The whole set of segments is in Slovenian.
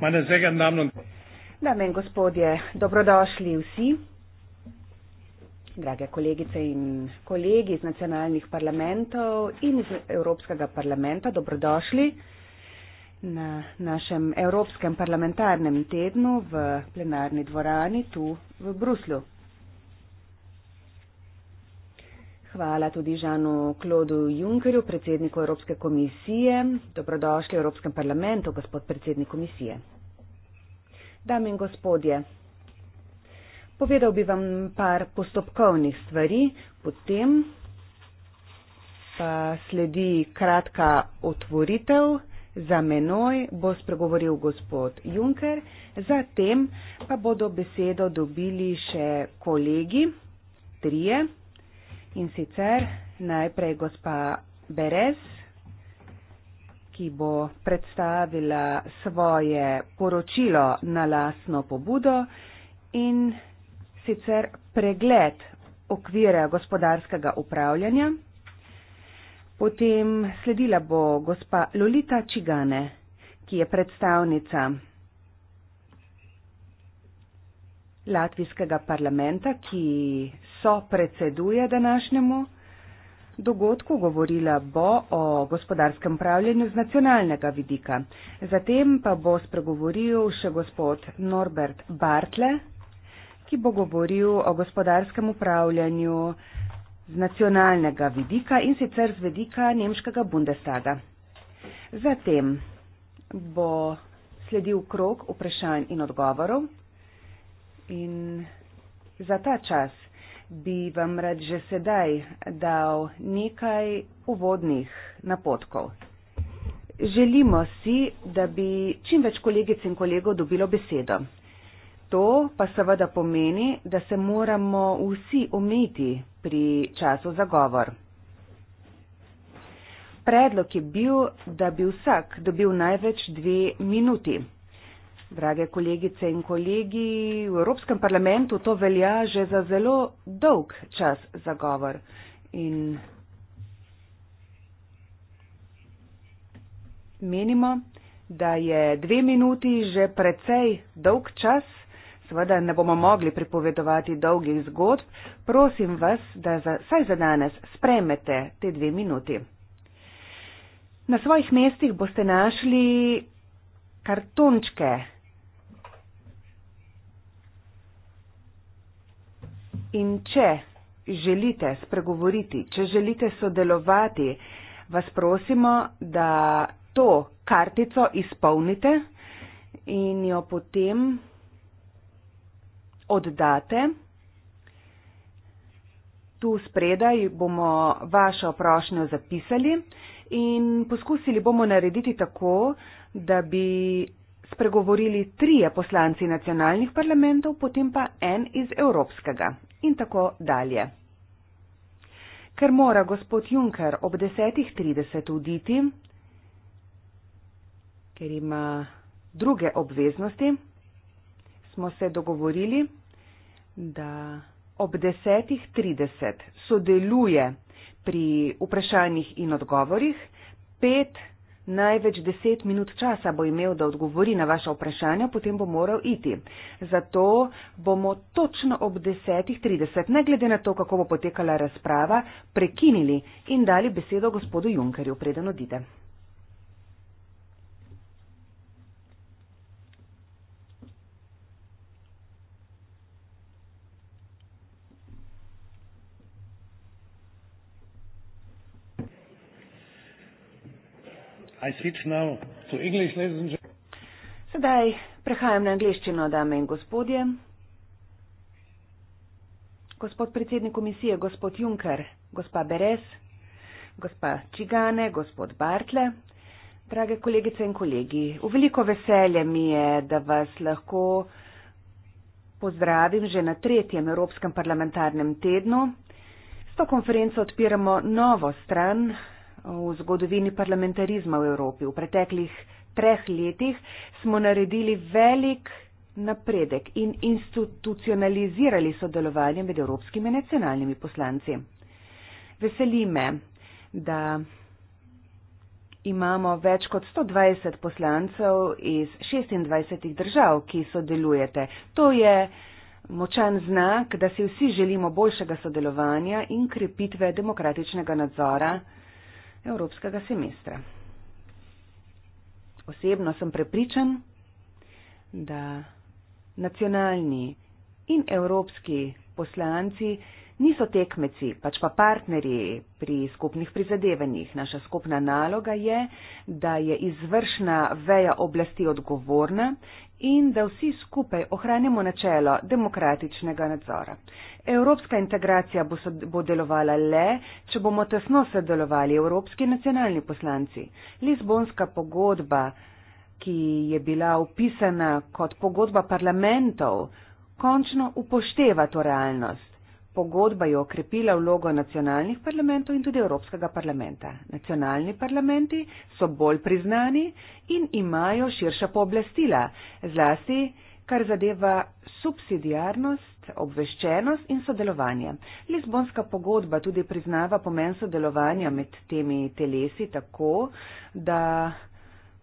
Meine sehr geehrten Damen und Dame in gospodje, dobrodošli vsi. Drage kolegice in kolegi iz nacionalnih parlamentov in iz Evropskega parlamenta, dobrodošli na našem Evropskem parlamentarnem tednu v plenarni dvorani tu v Bruslju. hvala tudi Žanu Klodu Junkerju, predsedniku Evropske komisije. Dobrodošli v Evropskem parlamentu, gospod predsednik komisije. Dame in gospodje, povedal bi vam par postopkovnih stvari, potem pa sledi kratka otvoritev. Za menoj bo spregovoril gospod Juncker, zatem pa bodo besedo dobili še kolegi, trije. In sicer najprej gospa Berez, ki bo predstavila svoje poročilo na lasno pobudo in sicer pregled okvira gospodarskega upravljanja. Potem sledila bo gospa Lolita Čigane, ki je predstavnica latvijskega parlamenta, ki so predseduje današnjemu dogodku, govorila bo o gospodarskem pravljenju z nacionalnega vidika. Zatem pa bo spregovoril še gospod Norbert Bartle, ki bo govoril o gospodarskem upravljanju z nacionalnega vidika in sicer z vidika nemškega Bundestaga. Zatem bo sledil krok vprašanj in odgovorov in za ta čas bi vam rad že sedaj dal nekaj uvodnih napotkov. Želimo si, da bi čim več kolegic in kolegov dobilo besedo. To pa seveda pomeni, da se moramo vsi ometi pri času za govor. Predlog je bil, da bi vsak dobil največ dve minuti. Drage kolegice in kolegi, v Evropskem parlamentu to velja že za zelo dolg čas za govor. In menimo, da je dve minuti že precej dolg čas, seveda ne bomo mogli pripovedovati dolgih zgodb. Prosim vas, da za, saj za danes spremete te dve minuti. Na svojih mestih boste našli kartončke In če želite spregovoriti, če želite sodelovati, vas prosimo, da to kartico izpolnite in jo potem oddate. Tu spredaj bomo vašo prošnjo zapisali in poskusili bomo narediti tako, da bi spregovorili trije poslanci nacionalnih parlamentov, potem pa en iz Evropskega in tako dalje. Ker mora gospod Juncker ob 10.30 uditi, ker ima druge obveznosti, smo se dogovorili, da ob 10.30 sodeluje pri vprašanjih in odgovorih pet Največ deset minut časa bo imel, da odgovori na vaše vprašanje, potem bo moral iti. Zato bomo točno ob desetih trideset, ne glede na to, kako bo potekala razprava, prekinili in dali besedo gospodu Junkerju, preden odide. Sedaj prehajam na angliščino, dame in gospodje. Gospod predsednik komisije, gospod Juncker, gospa Beres, gospa Čigane, gospod Bartle, drage kolegice in kolegi, v veliko veselje mi je, da vas lahko pozdravim že na tretjem Evropskem parlamentarnem tednu. S to konferenco odpiramo novo stran v zgodovini parlamentarizma v Evropi. V preteklih treh letih smo naredili velik napredek in institucionalizirali sodelovanje med evropskimi in nacionalnimi poslanci. Veseli me, da imamo več kot 120 poslancev iz 26 držav, ki sodelujete. To je močan znak, da si vsi želimo boljšega sodelovanja in krepitve demokratičnega nadzora evropskega semestra. Osebno sem prepričan, da nacionalni in evropski poslanci niso tekmeci, pač pa partnerji pri skupnih prizadevanjih. Naša skupna naloga je, da je izvršna veja oblasti odgovorna in da vsi skupaj ohranimo načelo demokratičnega nadzora. Evropska integracija bo, so, bo delovala le, če bomo tesno sodelovali evropski nacionalni poslanci. Lizbonska pogodba, ki je bila upisana kot pogodba parlamentov, končno upošteva to realnost. Pogodba je okrepila vlogo nacionalnih parlamentov in tudi Evropskega parlamenta. Nacionalni parlamenti so bolj priznani in imajo širša pooblastila, zlasti kar zadeva subsidijarnost, obveščenost in sodelovanje. Lizbonska pogodba tudi priznava pomen sodelovanja med temi telesi tako, da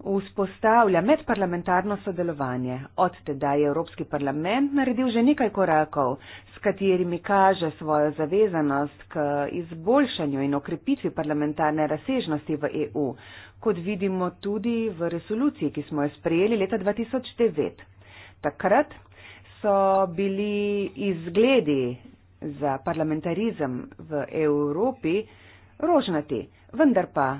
Vzpostavlja medparlamentarno sodelovanje. Od teda je Evropski parlament naredil že nekaj korakov, s katerimi kaže svojo zavezanost k izboljšanju in okrepitvi parlamentarne razsežnosti v EU, kot vidimo tudi v resoluciji, ki smo jo sprejeli leta 2009. Takrat so bili izgledi za parlamentarizem v Evropi rožnati, vendar pa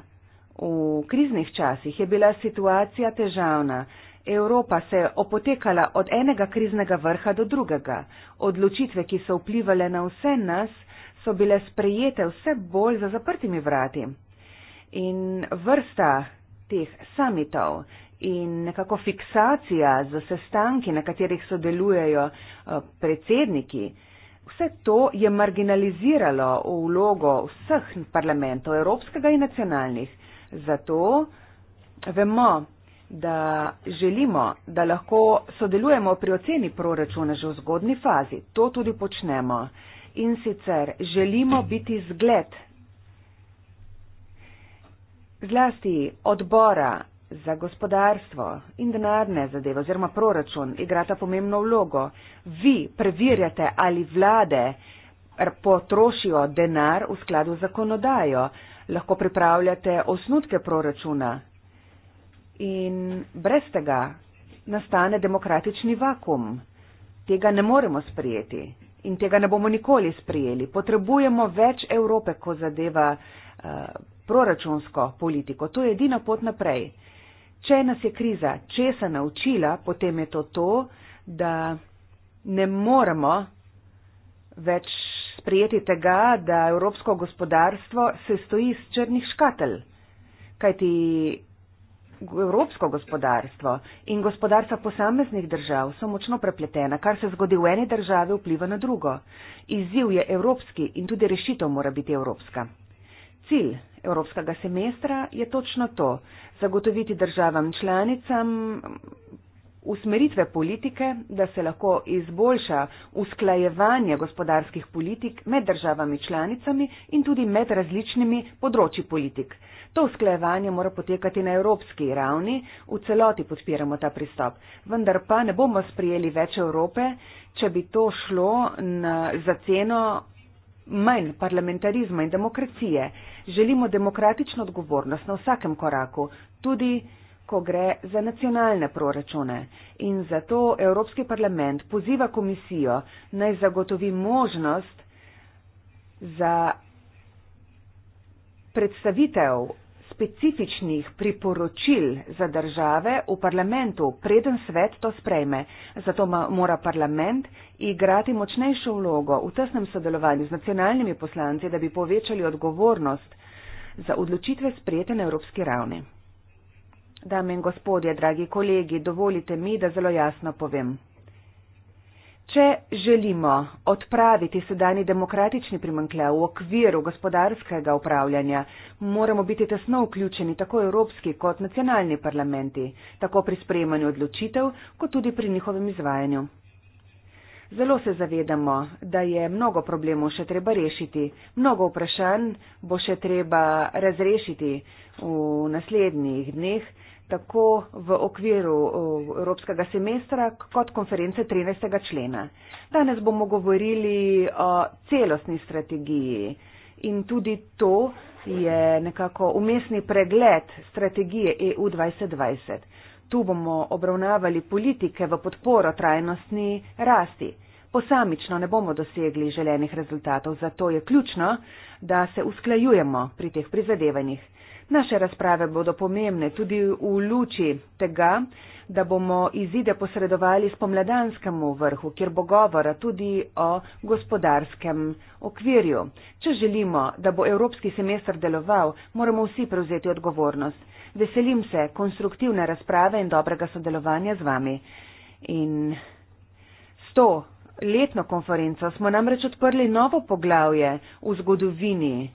V kriznih časih je bila situacija težavna. Evropa se je opotekala od enega kriznega vrha do drugega. Odločitve, ki so vplivale na vse nas, so bile sprejete vse bolj za zaprtimi vrati. In vrsta teh samitov in nekako fiksacija za sestanki, na katerih sodelujejo eh, predsedniki, vse to je marginaliziralo vlogo vseh parlamentov, evropskega in nacionalnih. Zato vemo, da želimo, da lahko sodelujemo pri oceni proračuna že v zgodni fazi. To tudi počnemo. In sicer želimo biti zgled zlasti odbora za gospodarstvo in denarne zadeve oziroma proračun igrata pomembno vlogo. Vi preverjate, ali vlade potrošijo denar v skladu z zakonodajo. Lahko pripravljate osnutke proračuna in brez tega nastane demokratični vakum. Tega ne moremo sprijeti in tega ne bomo nikoli sprijeli. Potrebujemo več Evrope, ko zadeva uh, proračunsko politiko. To je edina pot naprej. Če nas je kriza česa naučila, potem je to to, da ne moremo več uh, sprejeti tega, da evropsko gospodarstvo se stoji iz črnih škatelj. Kajti evropsko gospodarstvo in gospodarstva posameznih držav so močno prepletena. Kar se zgodi v eni državi, vpliva na drugo. Izziv je evropski in tudi rešitev mora biti evropska. Cilj evropskega semestra je točno to, zagotoviti državam članicam usmeritve politike, da se lahko izboljša usklajevanje gospodarskih politik med državami članicami in tudi med različnimi področji politik. To usklajevanje mora potekati na evropski ravni, v celoti podpiramo ta pristop. Vendar pa ne bomo sprijeli več Evrope, če bi to šlo na, za ceno manj parlamentarizma in demokracije. Želimo demokratično odgovornost na vsakem koraku, tudi ko gre za nacionalne proračune. In zato Evropski parlament poziva komisijo naj zagotovi možnost za predstavitev specifičnih priporočil za države v parlamentu, preden svet to sprejme. Zato mora parlament igrati močnejšo vlogo v tesnem sodelovanju z nacionalnimi poslanci, da bi povečali odgovornost za odločitve sprejete na evropski ravni. Dame in gospodje, dragi kolegi, dovolite mi, da zelo jasno povem. Če želimo odpraviti sedajni demokratični primankljaj v okviru gospodarskega upravljanja, moramo biti tesno vključeni tako evropski kot nacionalni parlamenti, tako pri sprejemanju odločitev, kot tudi pri njihovem izvajanju. Zelo se zavedamo, da je mnogo problemov še treba rešiti, mnogo vprašanj bo še treba razrešiti v naslednjih dneh, tako v okviru eh, Evropskega semestra kot konference 13. člena. Danes bomo govorili o celostni strategiji in tudi to je nekako umestni pregled strategije EU 2020. Tu bomo obravnavali politike v podporo trajnostni rasti. Posamično ne bomo dosegli želenih rezultatov, zato je ključno, da se usklajujemo pri teh prizadevanjih. Naše razprave bodo pomembne tudi v luči tega, da bomo izide posredovali spomladanskemu vrhu, kjer bo govora tudi o gospodarskem okvirju. Če želimo, da bo evropski semester deloval, moramo vsi prevzeti odgovornost. Veselim se konstruktivne razprave in dobrega sodelovanja z vami. In s to letno konferenco smo namreč odprli novo poglavje v zgodovini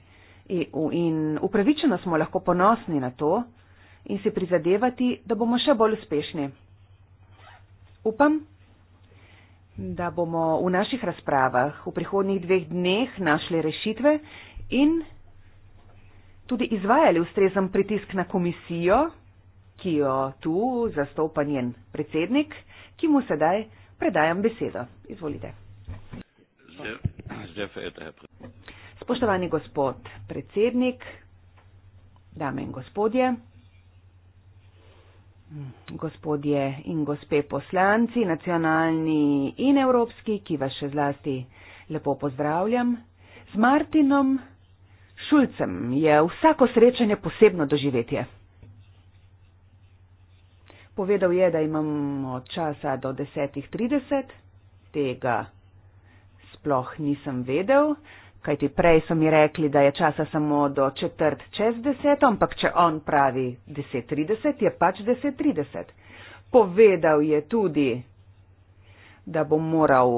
EU in upravičeno smo lahko ponosni na to, in si prizadevati, da bomo še bolj uspešni. Upam, da bomo v naših razpravah v prihodnjih dveh dneh našli rešitve in tudi izvajali ustrezen pritisk na komisijo, ki jo tu zastopa njen predsednik, ki mu sedaj predajam besedo. Izvolite. Spoštovani gospod predsednik, dame in gospodje, gospodje in gospe poslanci, nacionalni in evropski, ki vas še zlasti lepo pozdravljam, z Martinom Šulcem je vsako srečanje posebno doživetje. Povedal je, da imamo časa do 10.30, tega sploh nisem vedel, kajti prej so mi rekli, da je časa samo do četrt čez deset, ampak če on pravi 10.30, je pač 10.30. Povedal je tudi, da bo moral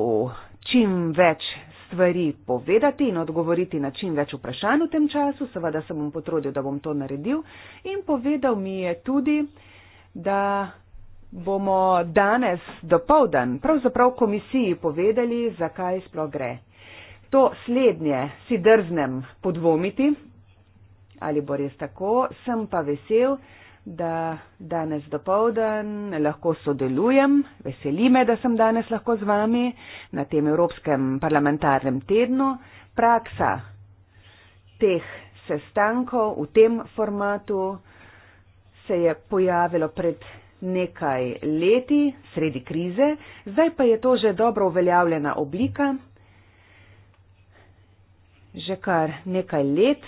čim več stvari povedati in odgovoriti na čim več vprašanj v tem času, seveda se bom potrudil, da bom to naredil, in povedal mi je tudi, da bomo danes do povdan, pravzaprav komisiji povedali, zakaj sploh gre. To slednje si drznem podvomiti, ali bo res tako, sem pa vesel, da danes dopovdan lahko sodelujem. Veseli me, da sem danes lahko z vami na tem Evropskem parlamentarnem tednu. Praksa teh sestankov v tem formatu se je pojavilo pred nekaj leti, sredi krize, zdaj pa je to že dobro uveljavljena oblika že kar nekaj let,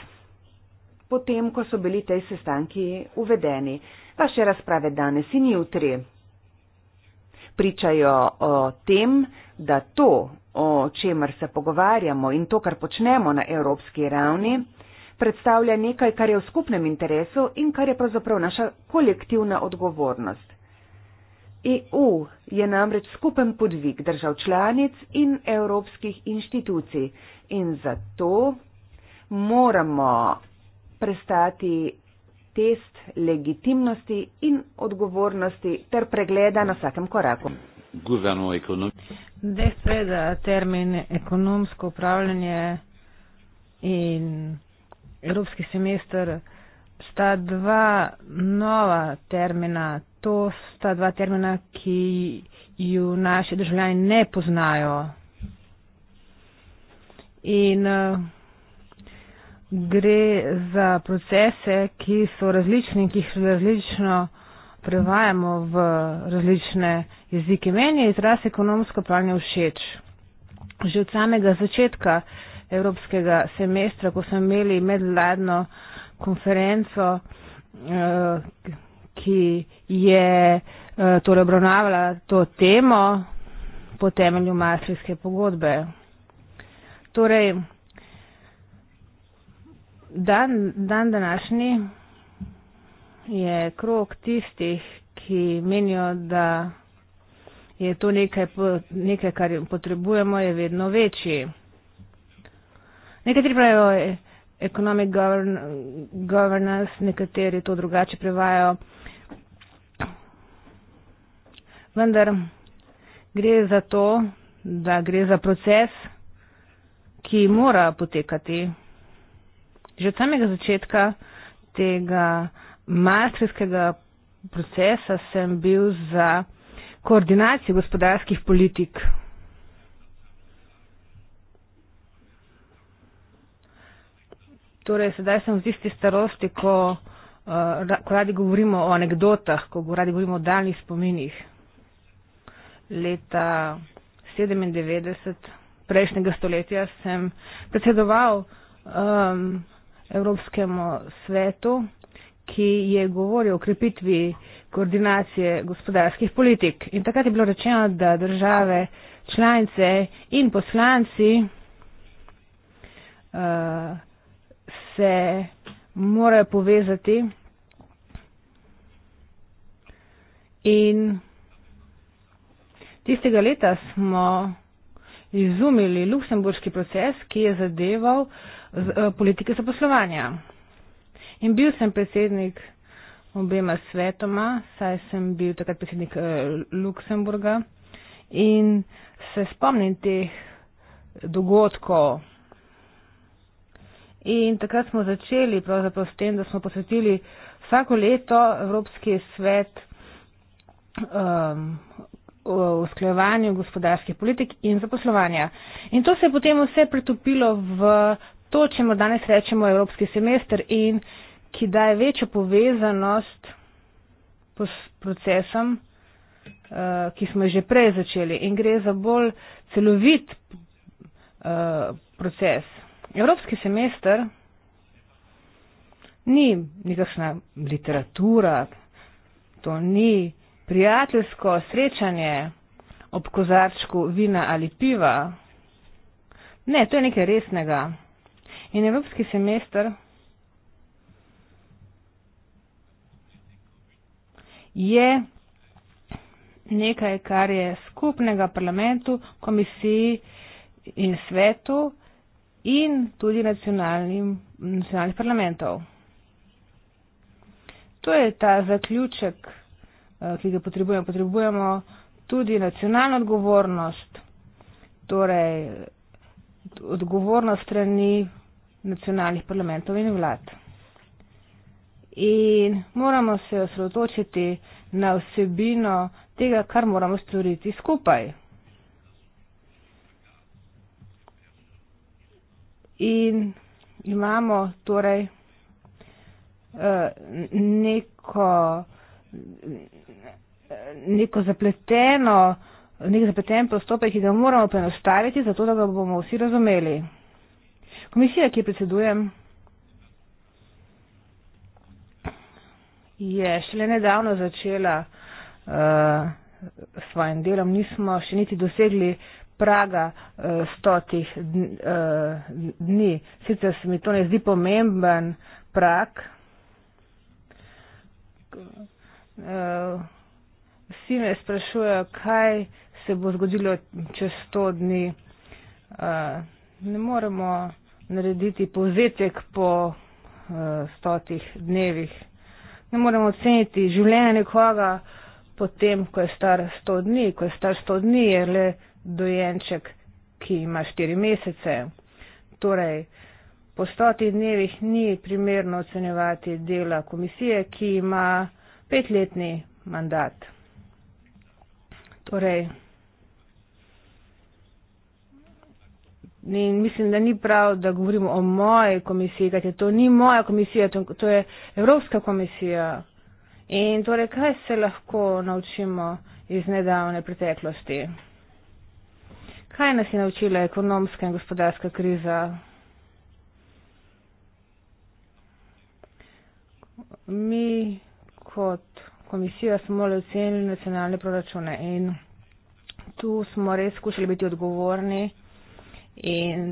potem, ko so bili tej sestanki uvedeni. Vaše razprave danes in jutri pričajo o tem, da to, o čemer se pogovarjamo in to, kar počnemo na evropski ravni, predstavlja nekaj, kar je v skupnem interesu in kar je pravzaprav naša kolektivna odgovornost. EU je namreč skupen podvig držav članic in evropskih inštitucij in zato moramo prestati test legitimnosti in odgovornosti ter pregleda na vsakem koraku. Zdaj seveda termin ekonomsko upravljanje in evropski semester sta dva nova termina to sta dva termina, ki ju naši državljani ne poznajo. In eh, gre za procese, ki so različni, ki jih različno prevajamo v različne jezike. Meni je izraz ekonomsko pravnje všeč. Že od samega začetka evropskega semestra, ko smo imeli medvladno konferenco, eh, ki je eh, torej obravnavala to temo po temelju Maastrichtske pogodbe. Torej, dan, dan današnji je krok tistih, ki menijo, da je to nekaj, nekaj kar potrebujemo, je vedno večji. Nekateri pravijo e-, economic govern, governance, nekateri to drugače prevajajo vendar gre za to, da gre za proces, ki mora potekati že od samega začetka tega masterskega procesa sem bil za koordinacijo gospodarskih politik. Torej, sedaj sem v tisti starosti, ko, uh, ko radi govorimo o anegdotah, ko radi govorimo o daljnih spominih leta 1997 prejšnjega stoletja sem predsedoval um, Evropskemu svetu, ki je govoril o krepitvi koordinacije gospodarskih politik. In takrat je bilo rečeno, da države članice in poslanci uh, se morajo povezati in Tistega leta smo izumili luksemburški proces, ki je zadeval eh, politike zaposlovanja. In bil sem predsednik obema svetoma, saj sem bil takrat predsednik eh, Luksemburga in se spomnim teh dogodkov. In takrat smo začeli pravzaprav s tem, da smo posvetili vsako leto Evropski svet um, v sklevanju gospodarskih politik in zaposlovanja. In to se je potem vse pretopilo v to, čemu danes rečemo evropski semester in ki daje večjo povezanost procesom, eh, ki smo že prej začeli in gre za bolj celovit eh, proces. Evropski semester ni nikakšna literatura, to ni prijateljsko srečanje ob kozarčku vina ali piva. Ne, to je nekaj resnega. In evropski semester je nekaj, kar je skupnega parlamentu, komisiji in svetu in tudi nacionalnim, nacionalnih parlamentov. To je ta zaključek Eh, ki ga potrebujemo. Potrebujemo tudi nacionalno odgovornost, torej odgovornost strani nacionalnih parlamentov in vlad. In moramo se osredotočiti na vsebino tega, kar moramo storiti skupaj. In imamo torej eh, neko neko zapleteno, nek zapleten postopek, ki ga moramo poenostaviti, zato da ga bomo vsi razumeli. Komisija, ki jo predsedujem, je šele nedavno začela uh, s svojim delom. Nismo še niti dosegli praga uh, stotih dn, uh, dni. Sicer se mi to ne zdi pomemben prak. Uh, vsi me sprašujejo, kaj se bo zgodilo čez sto dni. Uh, ne moremo narediti povzetek po uh, stotih dnevih. Ne moremo oceniti življenja nekoga potem, ko je star sto dni. Ko je star sto dni, je le dojenček, ki ima štiri mesece. Torej, po stotih dnevih ni primerno ocenjevati dela komisije, ki ima petletni mandat. Torej, In mislim, da ni prav, da govorimo o moji komisiji, kajte to ni moja komisija, to je Evropska komisija. In torej, kaj se lahko naučimo iz nedavne preteklosti? Kaj nas je naučila ekonomska in gospodarska kriza? Mi kot komisija smo le ocenili nacionalne proračune in tu smo res skušali biti odgovorni in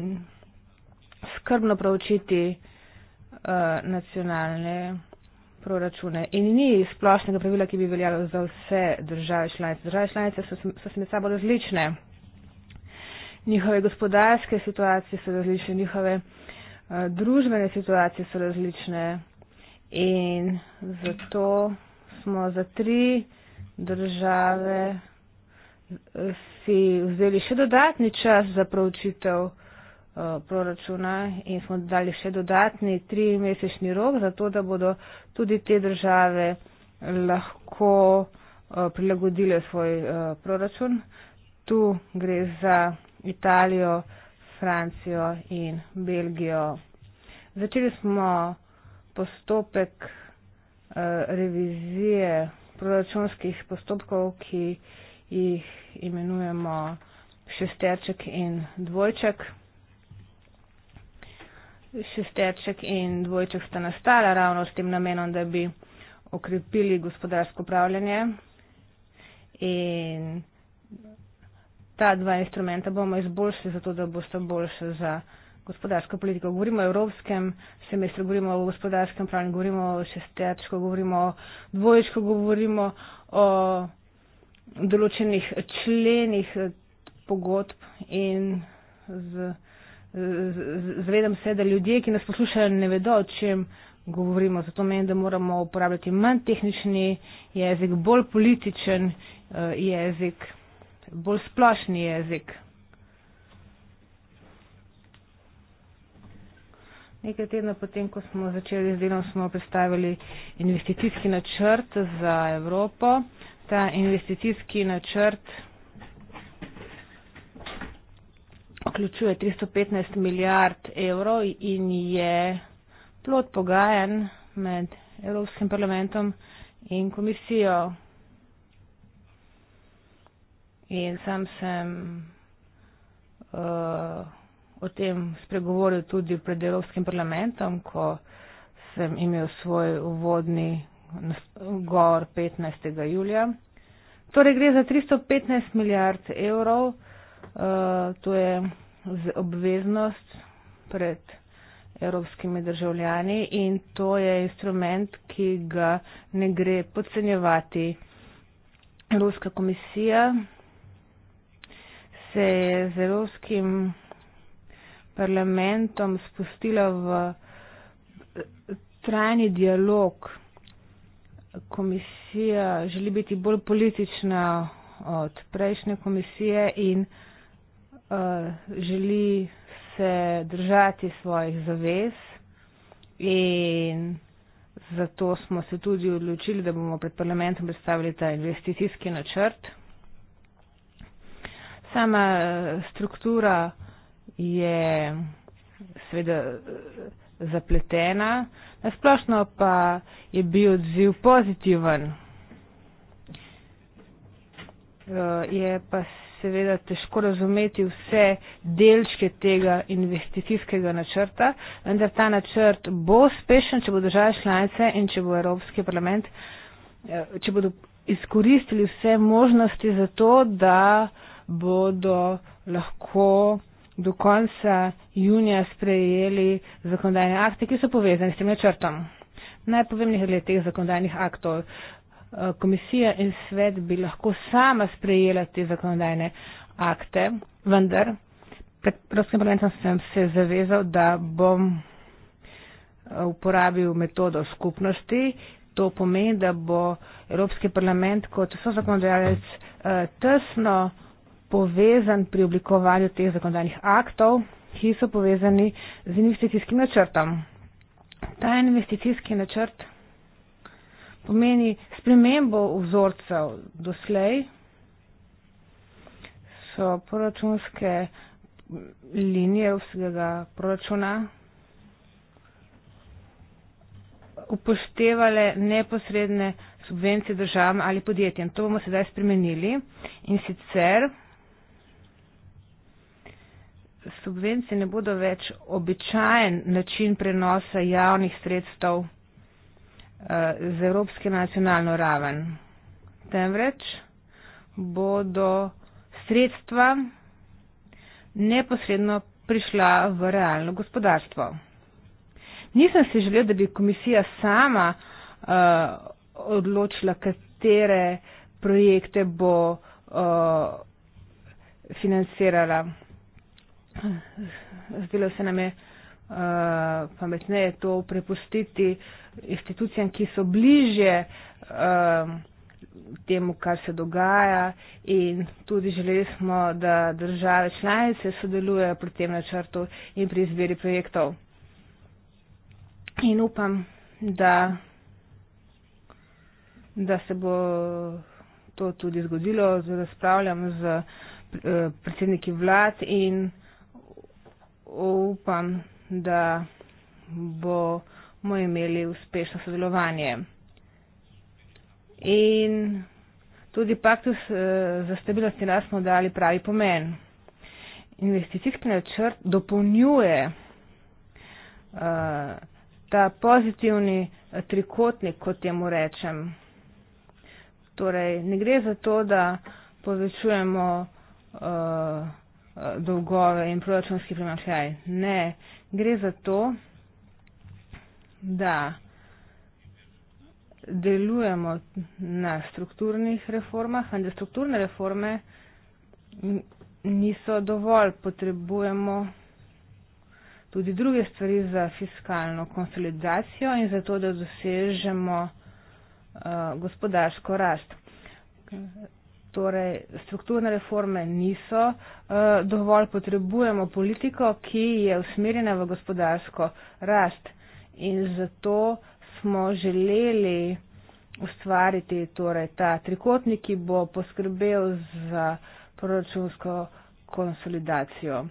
skrbno pravčiti uh, eh, nacionalne proračune. In ni splošnega pravila, ki bi veljalo za vse države članice. Države članice so, so se med sabo različne. Njihove gospodarske situacije so različne, njihove uh, družbene situacije so različne. In zato smo za tri države si vzeli še dodatni čas za pravčitev uh, proračuna in smo dali še dodatni tri mesečni rok za to, da bodo tudi te države lahko uh, prilagodile svoj uh, proračun. Tu gre za Italijo, Francijo in Belgijo. Začeli smo postopek uh, revizije proračunskih postopkov, ki jih imenujemo šesterček in dvojček. Šesterček in dvojček sta nastala ravno s tem namenom, da bi okrepili gospodarsko upravljanje in ta dva instrumenta bomo izboljšali, zato da boste boljše za gospodarsko politiko, govorimo o evropskem semestru, govorimo o gospodarskem pravnem, govorimo o šestečko, govorimo o dvoječko, govorimo o določenih členih eh, pogodb in z, z, z, zavedam se, da ljudje, ki nas poslušajo, ne vedo, o čem govorimo. Zato menim, da moramo uporabljati manj tehnični jezik, bolj političen eh, jezik, bolj splošni jezik. Nekaj tedna potem, ko smo začeli z delom, smo predstavili investicijski načrt za Evropo. Ta investicijski načrt vključuje 315 milijard evrov in je plot pogajan med Evropskim parlamentom in komisijo. In sam sem uh, o tem spregovoril tudi pred Evropskim parlamentom, ko sem imel svoj uvodni govor 15. julija. Torej gre za 315 milijard evrov, uh, to je obveznost pred evropskimi državljani in to je instrument, ki ga ne gre podcenjevati. Evropska komisija se je z evropskim parlamentom spustila v trajni dialog. Komisija želi biti bolj politična od prejšnje komisije in uh, želi se držati svojih zavez in zato smo se tudi odločili, da bomo pred parlamentom predstavili ta investicijski načrt. Sama eh, struktura je seveda eh, zapletena. Nasplošno pa je bil odziv pozitiven. Eh, je pa seveda težko razumeti vse delčke tega investicijskega načrta, vendar ta načrt bo uspešen, če bo država članice in če bo Evropski parlament, eh, če bodo izkoristili vse možnosti za to, da bodo lahko do konca junija sprejeli zakonodajne akte, ki so povezani s tem načrtom. Naj povem nekaj glede teh zakonodajnih aktov. Eh, komisija in svet bi lahko sama sprejela te zakonodajne akte, vendar pred Evropskim parlamentom sem se zavezal, da bom eh, uporabil metodo skupnosti. To pomeni, da bo Evropski parlament kot so zakonodajalec eh, tesno povezan pri oblikovanju teh zakonodajnih aktov, ki so povezani z investicijskim načrtom. Ta investicijski načrt pomeni spremembo vzorcev doslej, so proračunske linije vsega proračuna upoštevale neposredne subvencije državam ali podjetjem. To bomo sedaj spremenili in sicer subvencije ne bodo več običajen način prenosa javnih sredstev eh, z evropske nacionalno raven, temveč bodo sredstva neposredno prišla v realno gospodarstvo. Nisem si želel, da bi komisija sama uh, odločila, katere projekte bo uh, financirala zdelo se nam je uh, pametneje to prepustiti institucijam, ki so bliže uh, eh, temu, kar se dogaja in tudi želeli smo, da države članice sodelujejo pri tem načrtu in pri izbiri projektov. In upam, da, da se bo to tudi zgodilo, da razpravljam z eh, predsedniki vlad in upam, da bomo imeli uspešno sodelovanje. In tudi paktu eh, za stabilnost in rast smo dali pravi pomen. Investicijski načrt dopolnjuje uh, ta pozitivni eh, trikotnik, kot temu rečem. Torej, ne gre za to, da povečujemo uh, dolgove in proračunski premačaj. Ne, gre za to, da delujemo na strukturnih reformah, vendar strukturne reforme niso dovolj, potrebujemo tudi druge stvari za fiskalno konsolidacijo in za to, da dosežemo uh, gospodarsko rast. Okay torej strukturne reforme niso uh, dovolj, potrebujemo politiko, ki je usmerjena v gospodarsko rast in zato smo želeli ustvariti torej, ta trikotnik, ki bo poskrbel za proračunsko konsolidacijo.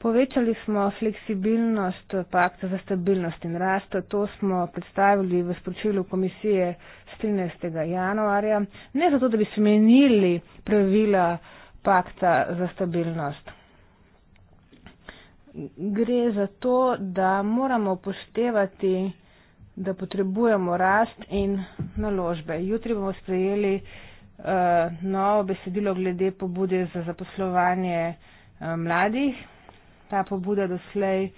Povečali smo fleksibilnost pakta za stabilnost in rast. To smo predstavili v spročilu komisije 13. januarja. Ne zato, da bi spremenili pravila pakta za stabilnost. Gre za to, da moramo upoštevati, da potrebujemo rast in naložbe. Jutri bomo sprejeli uh, novo besedilo glede pobude za zaposlovanje uh, mladih ta pobuda doslej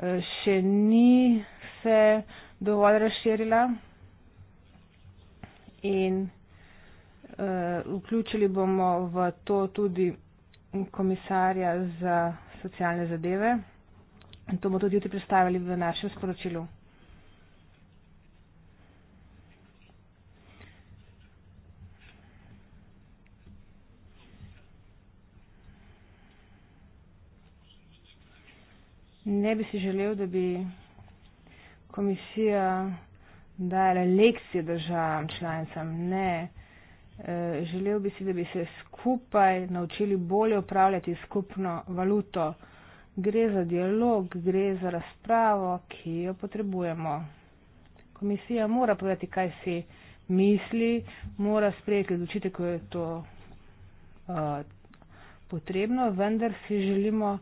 eh, še ni se dovolj razširila. In eh, vključili bomo v to tudi komisarja za socialne zadeve. In to bomo tudi jutri predstavili v našem sporočilu. ne bi si želel, da bi komisija dajala lekcije državam članicam. Ne. E, želel bi si, da bi se skupaj naučili bolje upravljati skupno valuto. Gre za dialog, gre za razpravo, ki jo potrebujemo. Komisija mora povedati, kaj si misli, mora sprejeti odločitev, ko je to uh, potrebno, vendar si želimo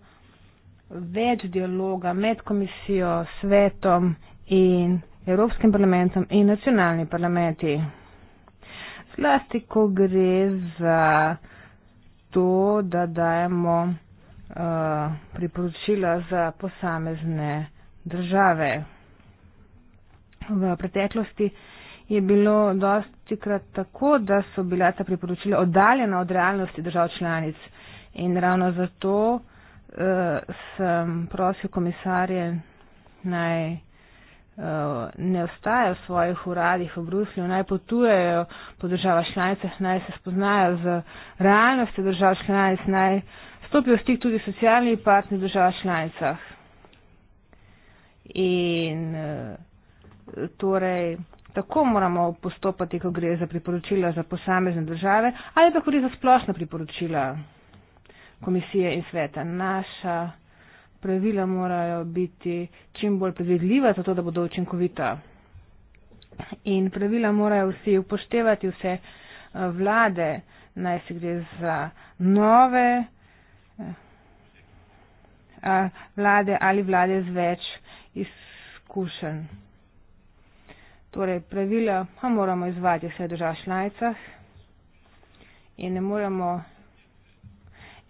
več dialoga med komisijo, svetom in Evropskim parlamentom in nacionalni parlamenti. Zlasti, ko gre za to, da dajemo uh, priporočila za posamezne države. V preteklosti je bilo dosti krat tako, da so bila ta priporočila oddaljena od realnosti držav članic in ravno zato Eh, sem prosil komisarje naj eh, ne ostajajo v svojih uradih v Bruslju, naj potujejo po državah članicah, naj se spoznajo z realnostjo držav članic, naj stopijo v stik tudi socialni partni v državah članicah. In eh, torej tako moramo postopati, ko gre za priporočila za posamezne države ali pa tudi za splošna priporočila komisije in sveta. Naša pravila morajo biti čim bolj predvidljiva, zato da bodo učinkovita. In pravila morajo vsi upoštevati, vse eh, vlade, naj se gre za nove eh, vlade ali vlade z več izkušenj. Torej, pravila moramo izvajati v vseh državah članicah in ne moramo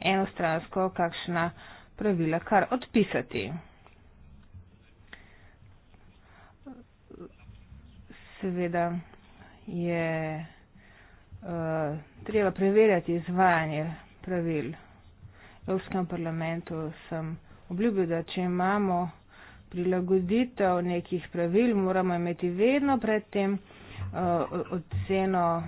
enostransko kakšna pravila kar odpisati. Seveda je uh, treba preverjati izvajanje pravil. V Evropskem parlamentu sem obljubil, da če imamo prilagoditev nekih pravil, moramo imeti vedno predtem uh, eh, oceno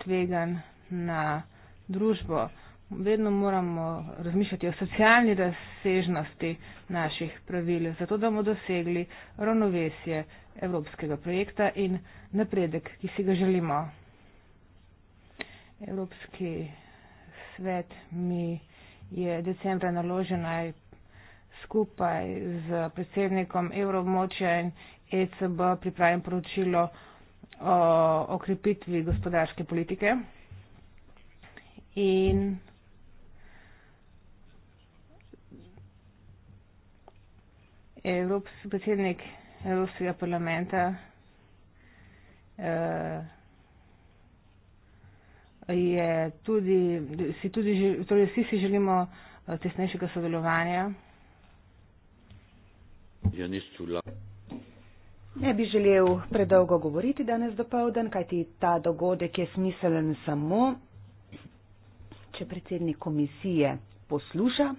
tvegan na družbo. Uh, vedno moramo razmišljati o socialni razsežnosti naših pravil, zato da bomo dosegli ravnovesje evropskega projekta in napredek, ki si ga želimo. Evropski svet mi je decembra naložen naj skupaj z predsednikom Evromočja in ECB pripravim poročilo o okrepitvi gospodarske politike. In Evrops, predsednik Evropskega parlamenta uh, je tudi, si tudi, torej vsi si želimo uh, tesnejšega sodelovanja. Ne bi želel predolgo govoriti danes do povdan, kajti ta dogodek je smiselen samo, če predsednik komisije posluša,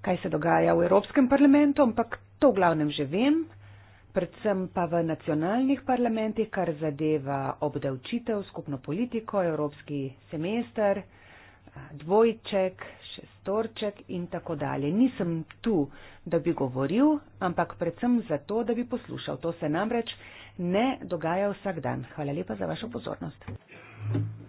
kaj se dogaja v Evropskem parlamentu, ampak To v glavnem že vem, predvsem pa v nacionalnih parlamentih, kar zadeva obdavčitev, skupno politiko, evropski semester, dvojček, šestorček in tako dalje. Nisem tu, da bi govoril, ampak predvsem zato, da bi poslušal. To se namreč ne dogaja vsak dan. Hvala lepa za vašo pozornost. Thank you.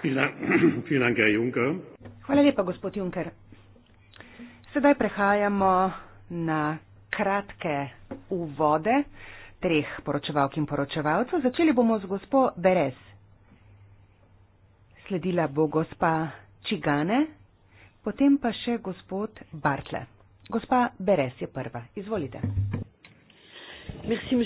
Financa Juncker. Hvala lepa, gospod Juncker. Sedaj prehajamo na kratke uvode treh poročevalk in poročevalcev. Začeli bomo z gospo Beres. Sledila bo gospa Čigane, potem pa še gospod Bartle. Gospa Beres je prva. Izvolite. Merci,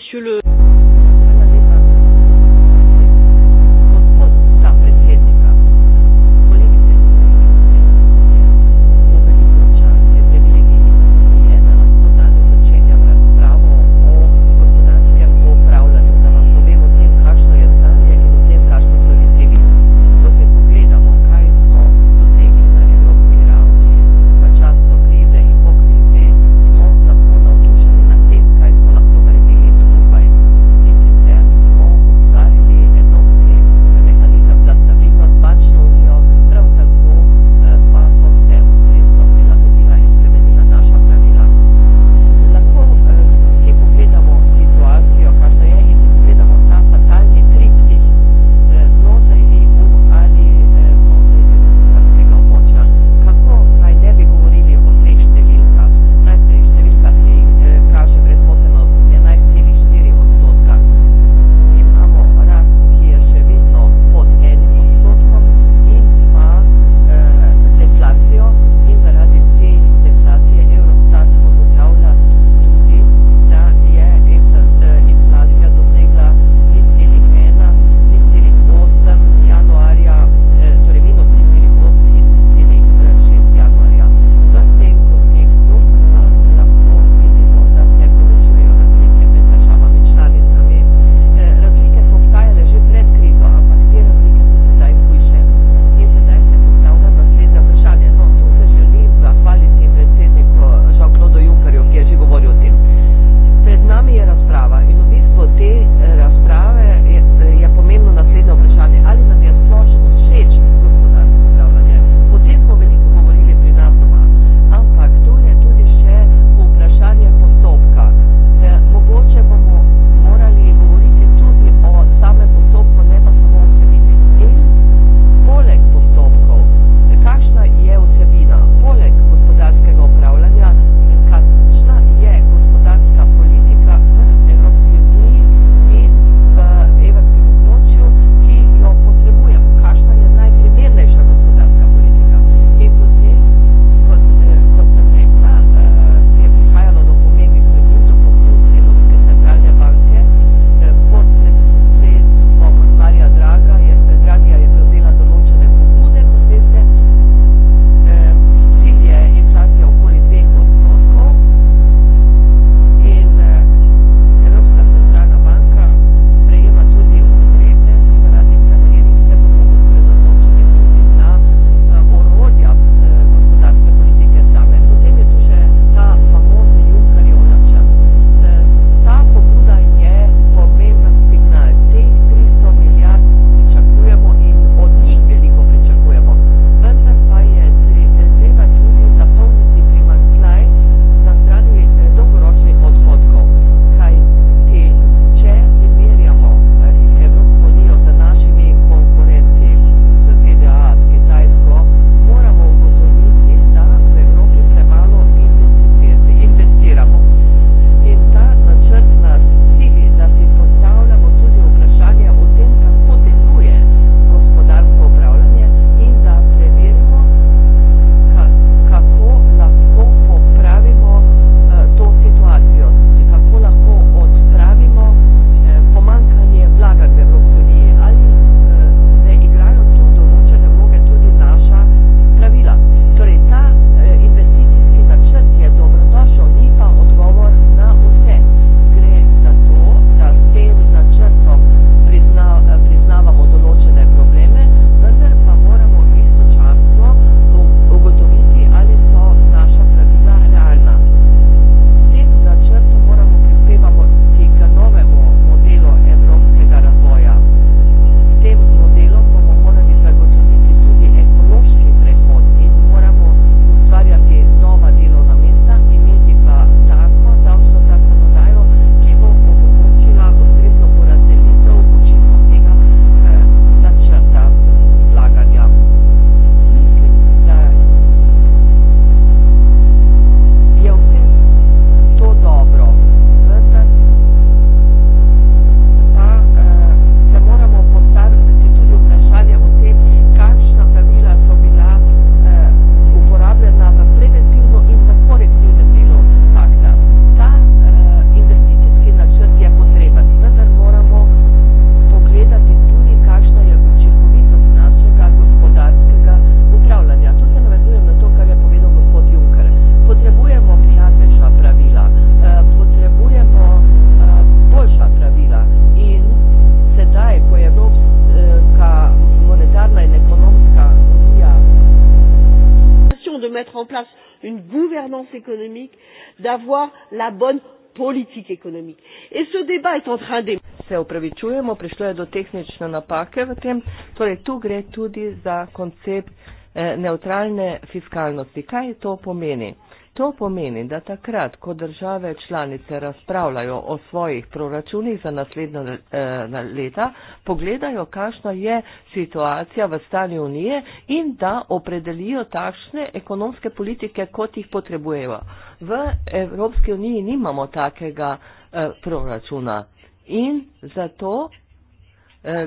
l'excellence économique d'avoir la bonne politique économique. Et ce débat est en train de... Se upravičujemo, prišlo je do tehnične napake v tem, torej tu gre tudi za koncept eh, neutralne fiskalnosti. Kaj to pomeni? To pomeni, da takrat, ko države članice razpravljajo o svojih proračunih za naslednjo eh, leta, pogledajo, kakšna je situacija v stanju unije in da opredelijo takšne ekonomske politike, kot jih potrebujejo. V Evropski uniji nimamo takega eh, proračuna in zato eh,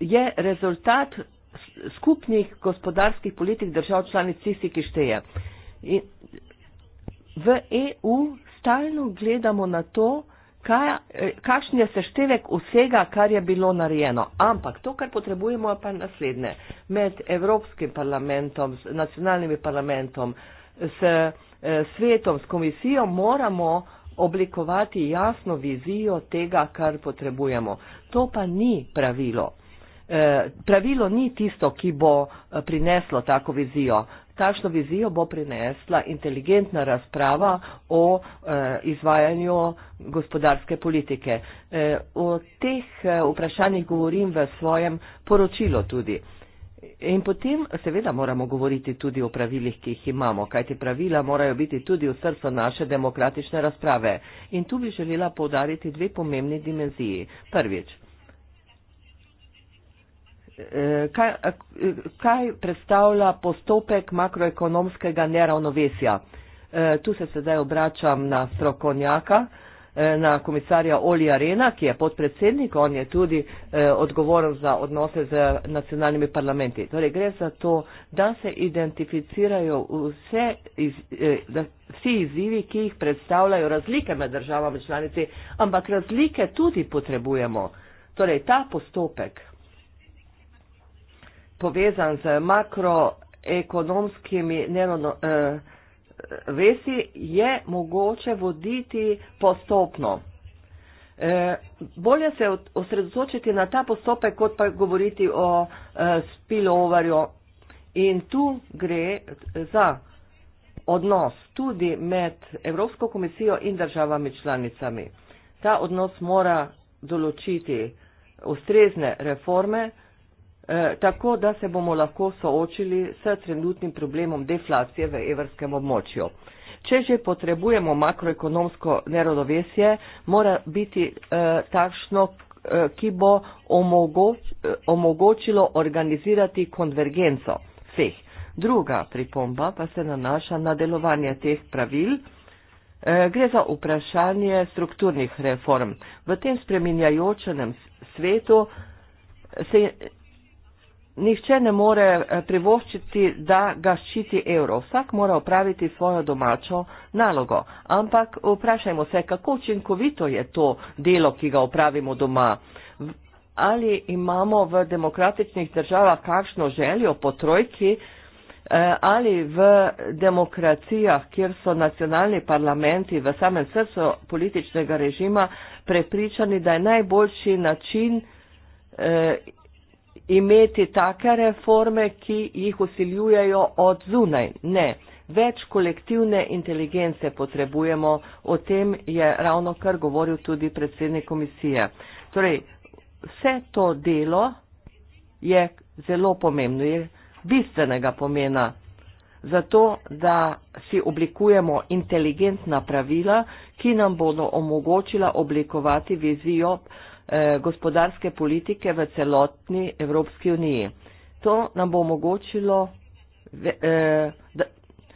je rezultat skupnih gospodarskih politik držav članic tisti, ki šteje. In e, v EU stalno gledamo na to, kaj, e, kakšen je seštevek vsega, kar je bilo narejeno. Ampak to, kar potrebujemo, je pa naslednje. Med Evropskim parlamentom, s nacionalnimi parlamentom, s e, svetom, s komisijo moramo oblikovati jasno vizijo tega, kar potrebujemo. To pa ni pravilo. Pravilo ni tisto, ki bo prineslo tako vizijo. Takšno vizijo bo prinesla inteligentna razprava o eh, izvajanju gospodarske politike. Eh, o teh eh, vprašanjih govorim v svojem poročilu tudi. In potem seveda moramo govoriti tudi o pravilih, ki jih imamo, kajti pravila morajo biti tudi v srcu naše demokratične razprave. In tu bi želela povdariti dve pomembni dimenziji. Prvič. Eh, kaj, eh, kaj predstavlja postopek makroekonomskega neravnovesja. Eh, tu se sedaj obračam na strokovnjaka, na komisarja Oli Arena, ki je podpredsednik, on je tudi odgovoren za odnose z nacionalnimi parlamenti. Torej, gre za to, da se identificirajo vse, da vsi izzivi, ki jih predstavljajo razlike med državami članici, ampak razlike tudi potrebujemo. Torej, ta postopek povezan z makroekonomskimi neravnovesi, eh, je mogoče voditi postopno. Eh, bolje se osredotočiti na ta postopek, kot pa govoriti o eh, spilovarju. In tu gre eh, za odnos tudi med Evropsko komisijo in državami članicami. Ta odnos mora določiti ustrezne reforme, Eh, tako da se bomo lahko soočili s trenutnim problemom deflacije v evrskem območju. Če že potrebujemo makroekonomsko nerodovesje, mora biti eh, takšno, eh, ki bo omogoč, eh, omogočilo organizirati konvergenco vseh. Druga pripomba pa se nanaša na delovanje teh pravil. Eh, gre za vprašanje strukturnih reform. V tem spreminjajočenem svetu se nihče ne more eh, privoščiti, da ga ščiti evro. Vsak mora upraviti svojo domačo nalogo. Ampak vprašajmo se, kako učinkovito je to delo, ki ga upravimo doma. Ali imamo v demokratičnih državah kakšno željo po trojki eh, ali v demokracijah, kjer so nacionalni parlamenti v samem srcu političnega režima prepričani, da je najboljši način eh, imeti take reforme, ki jih usiljujejo od zunaj. Ne, več kolektivne inteligence potrebujemo, o tem je ravno kar govoril tudi predsednik komisije. Torej, vse to delo je zelo pomembno, je bistvenega pomena. Zato, da si oblikujemo inteligentna pravila, ki nam bodo omogočila oblikovati vizijo Eh, gospodarske politike v celotni Evropski uniji. To nam bo omogočilo eh,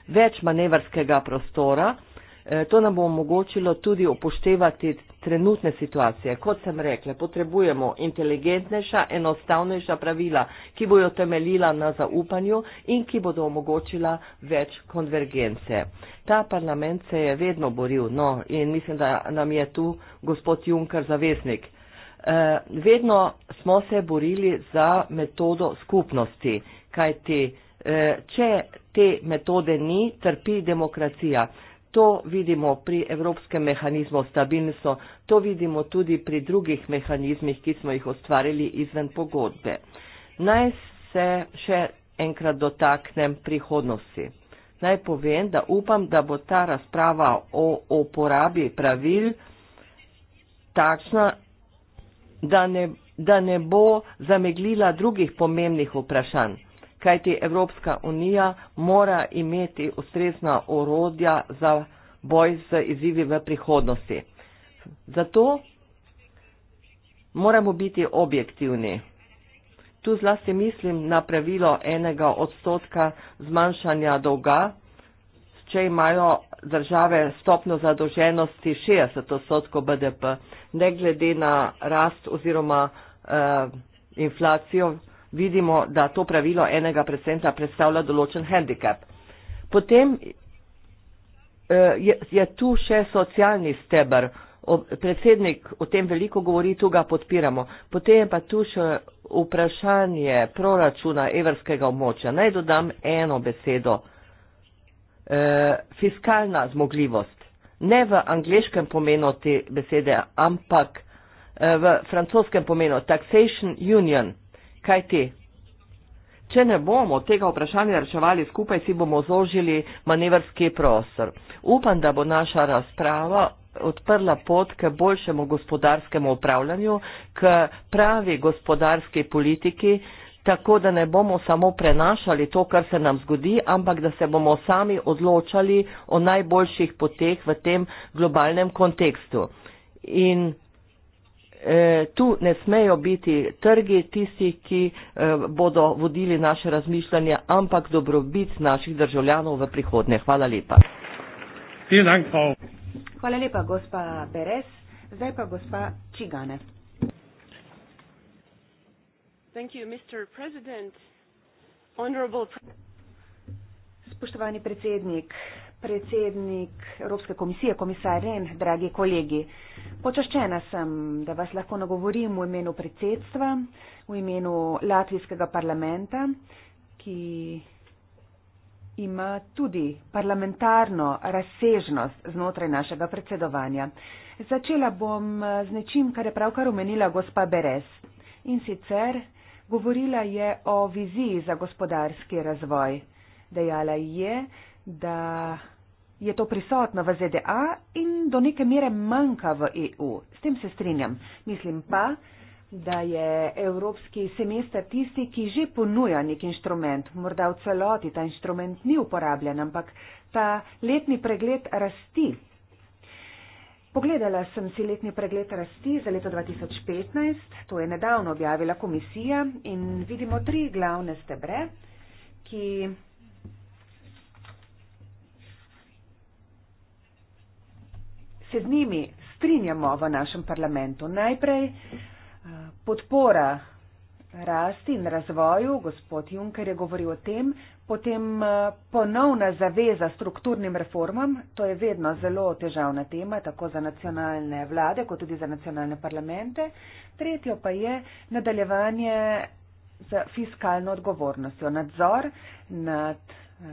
več manevrskega prostora, eh, to nam bo omogočilo tudi upoštevati trenutne situacije. Kot sem rekla, potrebujemo inteligentnejša, enostavnejša pravila, ki bojo temeljila na zaupanju in ki bodo omogočila več konvergence. Ta parlament se je vedno boril, no, in mislim, da nam je tu gospod Juncker zavesnik. Eh, vedno smo se borili za metodo skupnosti, kajti eh, če te metode ni, trpi demokracija. To vidimo pri Evropskem mehanizmu stabilnosti, to vidimo tudi pri drugih mehanizmih, ki smo jih ustvarili izven pogodbe. Naj se še enkrat dotaknem prihodnosti. Naj povem, da upam, da bo ta razprava o uporabi pravil takšna, da ne, da ne bo zameglila drugih pomembnih vprašanj, kajti Evropska unija mora imeti ustrezna orodja za boj z izzivi v prihodnosti. Zato moramo biti objektivni. Tu zlasti mislim na pravilo enega odstotka zmanjšanja dolga če imajo države stopno zadolženosti 60 odstotkov BDP, ne glede na rast oziroma eh, inflacijo, vidimo, da to pravilo enega percenta predstavlja določen handicap. Potem eh, je, je tu še socialni stebr. O, predsednik o tem veliko govori, tu ga podpiramo. Potem je pa tu še vprašanje proračuna evrskega območja. Naj dodam eno besedo eh, fiskalna zmogljivost. Ne v angliškem pomenu te besede, ampak eh, v francoskem pomenu taxation union. Kaj ti? Če ne bomo tega vprašanja reševali skupaj, si bomo zožili manevrski prostor. Upam, da bo naša razprava odprla pot k boljšemu gospodarskemu upravljanju, k pravi gospodarski politiki. Eh, tako da ne bomo samo prenašali to, kar se nam zgodi, ampak da se bomo sami odločali o najboljših poteh v tem globalnem kontekstu. In eh, Tu ne smejo biti trgi tisti, ki eh, bodo vodili naše razmišljanje, ampak dobrobit naših državljanov v prihodnje. Hvala lepa. Hvala lepa, gospa Beres. Zdaj pa gospa Čigane. Thank you, Mr. President. Honorable Spoštovani predsednik, predsednik Evropske komisije, komisar Ren, dragi kolegi. Počaščena sem, da vas lahko nagovorim v imenu predsedstva, v imenu Latvijskega parlamenta, ki ima tudi parlamentarno razsežnost znotraj našega predsedovanja. Začela bom z nečim, kar je pravkar omenila gospa Beres. In sicer Govorila je o viziji za gospodarski razvoj. Dejala je, da je to prisotno v ZDA in do neke mere manjka v EU. S tem se strinjam. Mislim pa, da je evropski semester tisti, ki že ponuja nek inštrument. Morda v celoti ta inštrument ni uporabljen, ampak ta letni pregled rasti Pogledala sem si letni pregled rasti za leto 2015, to je nedavno objavila komisija in vidimo tri glavne stebre, ki se z njimi strinjamo v našem parlamentu. Najprej eh, podpora rasti in razvoju, gospod Juncker je govoril o tem, potem eh, ponovna zaveza strukturnim reformam, to je vedno zelo težavna tema, tako za nacionalne vlade, kot tudi za nacionalne parlamente. Tretjo pa je nadaljevanje z fiskalno odgovornostjo, nadzor nad eh,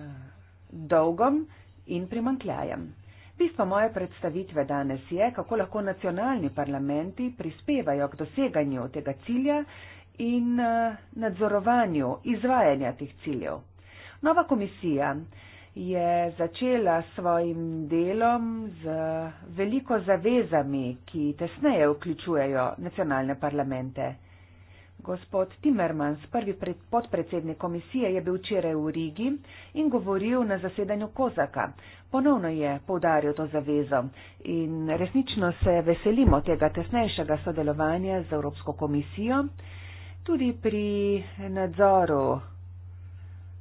dolgom in primankljajem. Bistvo moje predstavitve danes je, kako lahko nacionalni parlamenti prispevajo k doseganju tega cilja, in eh, nadzorovanju izvajanja teh ciljev. Nova komisija je začela s svojim delom z veliko zavezami, ki tesneje vključujejo nacionalne parlamente. Gospod Timmermans, prvi podpredsednik komisije, je bil včeraj v Rigi in govoril na zasedanju Kozaka. Ponovno je povdaril to zavezo in resnično se veselimo tega tesnejšega sodelovanja z Evropsko komisijo tudi pri nadzoru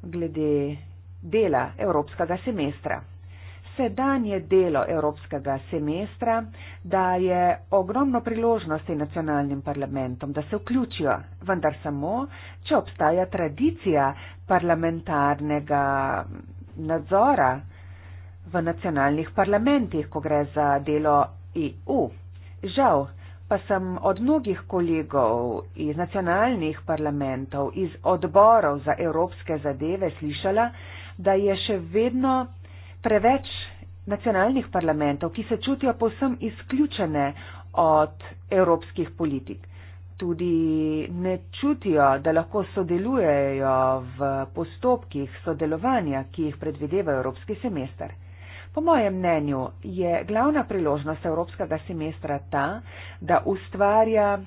glede dela evropskega semestra. Sedanje delo evropskega semestra daje ogromno priložnosti nacionalnim parlamentom, da se vključijo, vendar samo, če obstaja tradicija parlamentarnega nadzora v nacionalnih parlamentih, ko gre za delo EU. Žal, pa sem od mnogih kolegov iz nacionalnih parlamentov, iz odborov za evropske zadeve slišala, da je še vedno preveč nacionalnih parlamentov, ki se čutijo posem izključene od evropskih politik. Tudi ne čutijo, da lahko sodelujejo v postopkih sodelovanja, ki jih predvideva evropski semester. Po mojem mnenju je glavna priložnost evropskega semestra ta, da ustvarja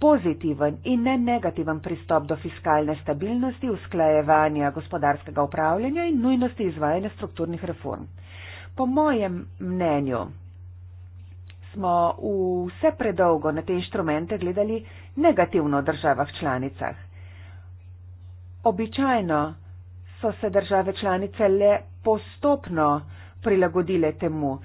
pozitiven in ne negativen pristop do fiskalne stabilnosti, usklajevanja gospodarskega upravljanja in nujnosti izvajanja strukturnih reform. Po mojem mnenju smo vse predolgo na te inštrumente gledali negativno v državah članicah. Običajno so se države članice le postopno prilagodile temu.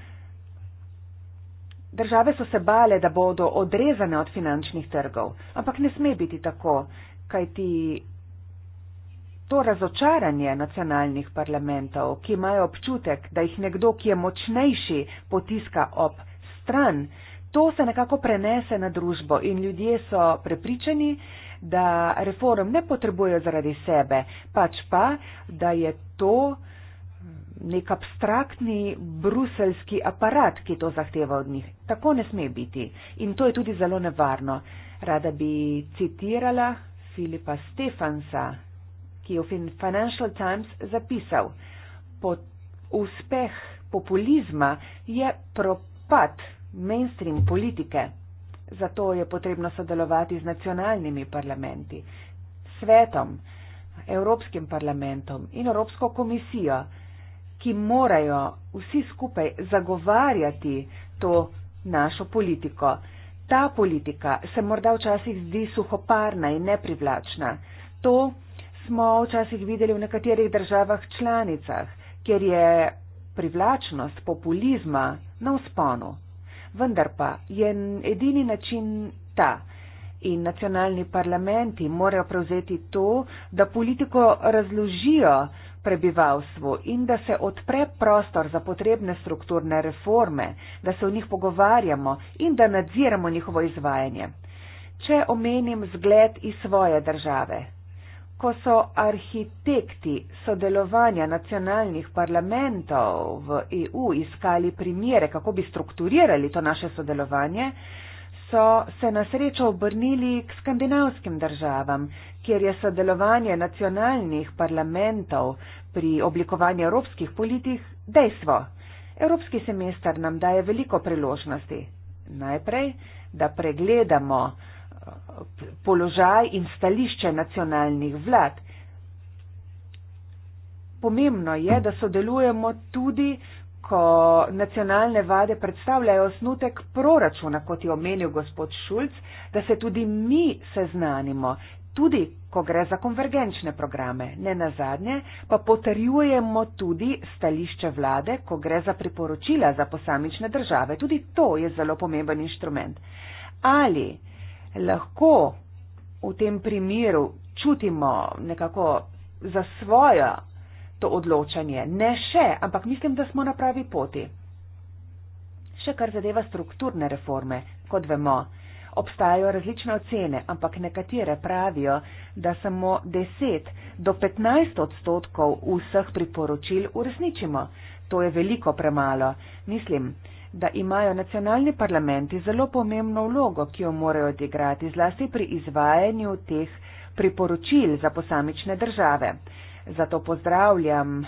Države so se bale, da bodo odrezane od finančnih trgov, ampak ne sme biti tako, kajti to razočaranje nacionalnih parlamentov, ki imajo občutek, da jih nekdo, ki je močnejši, potiska ob stran, to se nekako prenese na družbo in ljudje so prepričani, da reform ne potrebujejo zaradi sebe, pač pa, da je to nek abstraktni bruselski aparat, ki to zahteva od njih. Tako ne sme biti in to je tudi zelo nevarno. Rada bi citirala Filipa Stefansa, ki je v Financial Times zapisal, po uspeh populizma je propad mainstream politike. Zato je potrebno sodelovati z nacionalnimi parlamenti, svetom, Evropskim parlamentom in Evropsko komisijo ki morajo vsi skupaj zagovarjati to našo politiko. Ta politika se morda včasih zdi suhoparna in neprivlačna. To smo včasih videli v nekaterih državah članicah, kjer je privlačnost populizma na usponu. Vendar pa je edini način ta in nacionalni parlamenti morajo prevzeti to, da politiko razložijo prebivalstvu in da se odpre prostor za potrebne strukturne reforme, da se o njih pogovarjamo in da nadziramo njihovo izvajanje. Če omenim zgled iz svoje države, ko so arhitekti sodelovanja nacionalnih parlamentov v EU iskali primere, kako bi strukturirali to naše sodelovanje, so se na srečo obrnili k skandinavskim državam, kjer je sodelovanje nacionalnih parlamentov pri oblikovanju evropskih politik dejstvo. Evropski semester nam daje veliko priložnosti. Najprej, da pregledamo eh, položaj in stališče nacionalnih vlad. Pomembno je, da sodelujemo tudi ko nacionalne vade predstavljajo osnutek proračuna, kot je omenil gospod Šulc, da se tudi mi seznanimo, tudi ko gre za konvergenčne programe. Ne na zadnje, pa potrjujemo tudi stališče vlade, ko gre za priporočila za posamične države. Tudi to je zelo pomemben inštrument. Ali lahko v tem primeru čutimo nekako za svojo to odločanje. Ne še, ampak mislim, da smo na pravi poti. Še kar zadeva strukturne reforme, kot vemo, obstajajo različne ocene, ampak nekatere pravijo, da samo 10 do 15 odstotkov vseh priporočil uresničimo. To je veliko premalo. Mislim, da imajo nacionalni parlamenti zelo pomembno vlogo, ki jo morajo odigrati, zlasti pri izvajanju teh priporočil za posamične države. Zato pozdravljam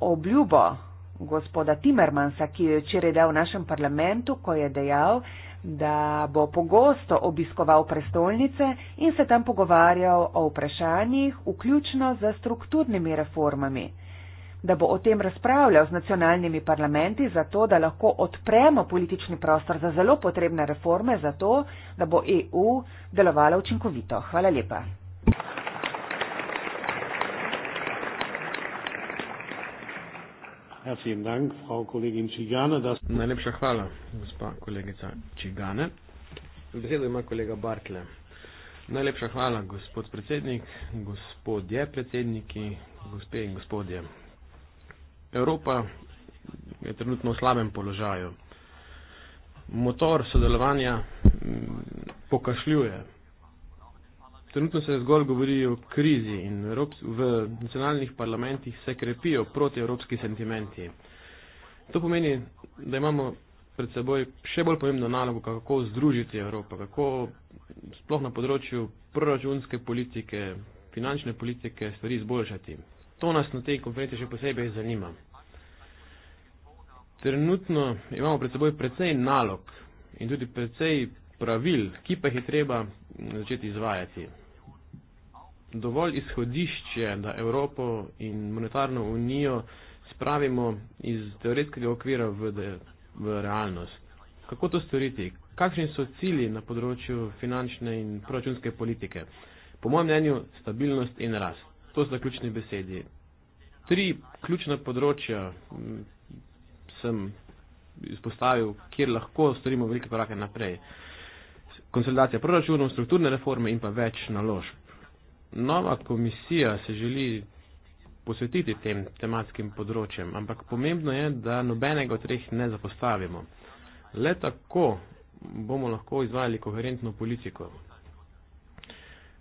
obljubo gospoda Timmermansa, ki jo je včeraj dal v našem parlamentu, ko je dejal, da bo pogosto obiskoval prestolnice in se tam pogovarjal o vprašanjih, vključno za strukturnimi reformami da bo o tem razpravljal z nacionalnimi parlamenti, zato da lahko odpremo politični prostor za zelo potrebne reforme, zato da bo EU delovala učinkovito. Hvala lepa. Herzlichen ja, Dank, Frau Kollegin Cigane. Najlepša hvala, gospa kolegica Cigane. Besedo ima kolega Bartle. Najlepša hvala, gospod predsednik, gospodje predsedniki, gospe in gospodje. Evropa je trenutno v slabem položaju. Motor sodelovanja pokašljuje. Trenutno se zgolj govori o krizi in v nacionalnih parlamentih se krepijo protievropski sentimenti. To pomeni, da imamo pred seboj še bolj pomembno nalogo, kako združiti Evropo, kako sploh na področju proračunske politike, finančne politike stvari izboljšati. To nas na tej konferenci še posebej zanima. Trenutno imamo pred seboj precej nalog in tudi precej pravil, ki pa jih je treba začeti izvajati dovolj izhodišče, da Evropo in monetarno unijo spravimo iz teoretskega okvira v, de, v realnost. Kako to storiti? Kakšni so cilji na področju finančne in proračunske politike? Po mojem mnenju, stabilnost in rast. To so ključni besedi. Tri ključna področja mm, sem izpostavil, kjer lahko storimo velike korake naprej. Konsolidacija proračunov, strukturne reforme in pa več naložb nova komisija se želi posvetiti tem tematskim področjem, ampak pomembno je, da nobenega od treh ne zapostavimo. Le tako bomo lahko izvajali koherentno politiko.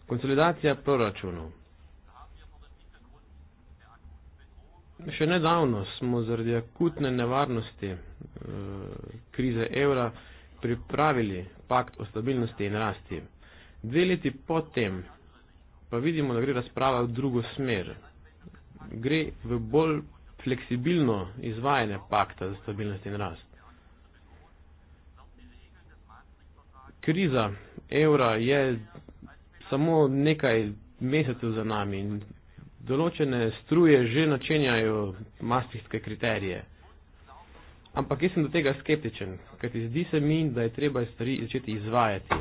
Konsolidacija proračunov. Še nedavno smo zaradi akutne nevarnosti e, krize evra pripravili pakt o stabilnosti in rasti. Dve leti potem pa vidimo, da gre razprava v drugo smer. Gre v bolj fleksibilno izvajanje pakta za stabilnost in rast. Kriza evra je samo nekaj mesecev za nami in določene struje že načenjajo mastrihtske kriterije. Ampak jaz sem do tega skeptičen, kajti zdi se mi, da je treba stvari začeti izvajati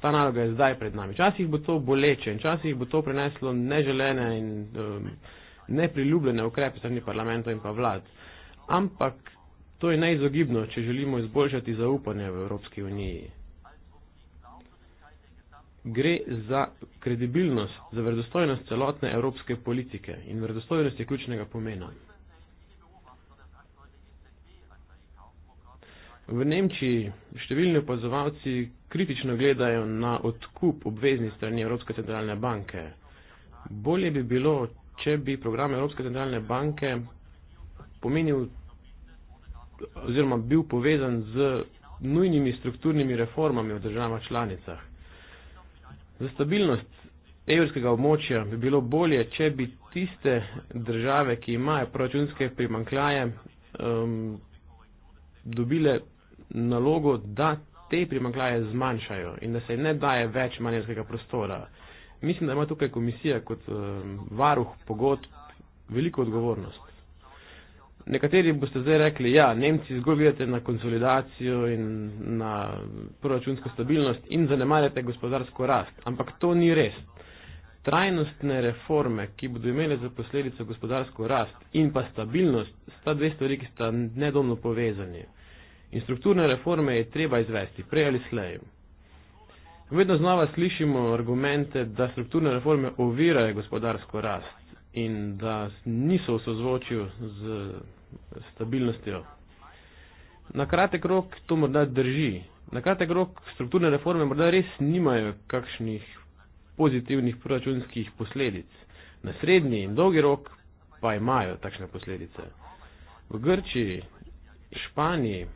ta naloga je zdaj pred nami. Včasih bo to boleče in včasih bo to preneslo neželene in um, nepriljubljene ukrepe strani parlamentov in pa vlad. Ampak to je neizogibno, če želimo izboljšati zaupanje v Evropski uniji. Gre za kredibilnost, za verodostojnost celotne evropske politike in verodostojnost je ključnega pomena. V Nemčiji številni opazovalci kritično gledajo na odkup obveznih strani Evropske centralne banke. Bolje bi bilo, če bi program Evropske centralne banke pomenil oziroma bil povezan z nujnimi strukturnimi reformami v državah članicah. Za stabilnost evrskega območja bi bilo bolje, če bi tiste države, ki imajo proračunske primankljaje, um, dobile nalogo, da te primankljaje zmanjšajo in da se ne daje več manjerskega prostora. Mislim, da ima tukaj komisija kot ehm, varuh pogodb veliko odgovornost. Nekateri boste zdaj rekli, ja, Nemci zgolj gledate na konsolidacijo in na proračunsko stabilnost in zanemarjate gospodarsko rast. Ampak to ni res. Trajnostne reforme, ki bodo imele za posledico gospodarsko rast in pa stabilnost, sta dve stvari, ki sta nedomno povezani. In strukturne reforme je treba izvesti, prej ali slej. Vedno znova slišimo argumente, da strukturne reforme ovirajo gospodarsko rast in da niso v sozvočju z stabilnostjo. Na kratek rok to morda drži. Na kratek rok strukturne reforme morda res nimajo kakšnih pozitivnih proračunskih posledic. Na srednji in dolgi rok pa imajo takšne posledice. V Grčiji, Španiji,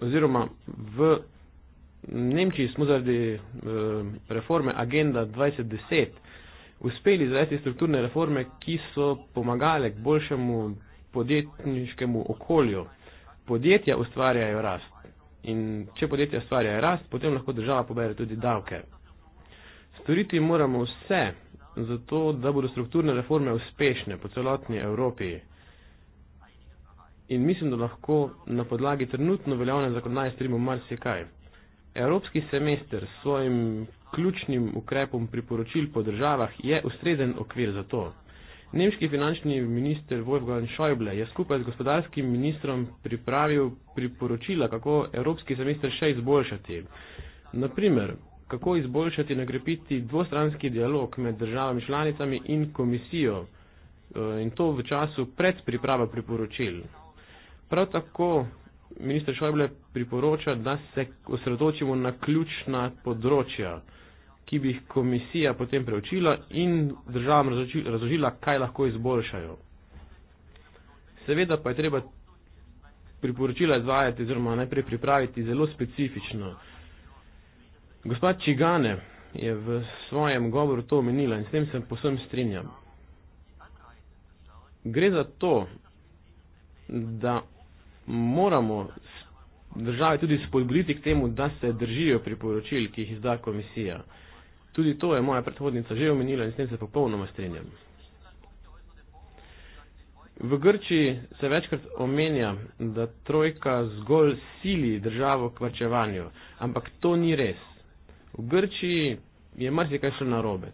oziroma v Nemčiji smo zaradi eh, reforme Agenda 2010 uspeli izvesti strukturne reforme, ki so pomagale k boljšemu podjetniškemu okolju. Podjetja ustvarjajo rast in če podjetja ustvarjajo rast, potem lahko država pobere tudi davke. Storiti moramo vse, zato da bodo strukturne reforme uspešne po celotni Evropi in mislim, da lahko na podlagi trenutno veljavne zakonodaje strimo marsikaj. Evropski semester s svojim ključnim ukrepom priporočil po državah je ustrezen okvir za to. Nemški finančni minister Wolfgang Schäuble je skupaj z gospodarskim ministrom pripravil priporočila, kako evropski semester še izboljšati. Naprimer, kako izboljšati in nagrepiti dvostranski dialog med državami članicami in komisijo eh, in to v času pred priprava priporočil. Prav tako ministr Švajble priporoča, da se osredočimo na ključna področja, ki bi jih komisija potem preučila in državam razložila, kaj lahko izboljšajo. Seveda pa je treba priporočila izvajati oziroma najprej pripraviti zelo specifično. Gospod Čigane je v svojem govoru to omenila in s tem se posebno strinjam. Gre za to, da moramo države tudi spodbuditi k temu, da se držijo priporočil, ki jih izda komisija. Tudi to je moja predhodnica že omenila in s tem se popolnoma strenjam. V Grčiji se večkrat omenja, da trojka zgolj sili državo k vrčevanju, ampak to ni res. V Grčiji je marsikaj šlo narobe.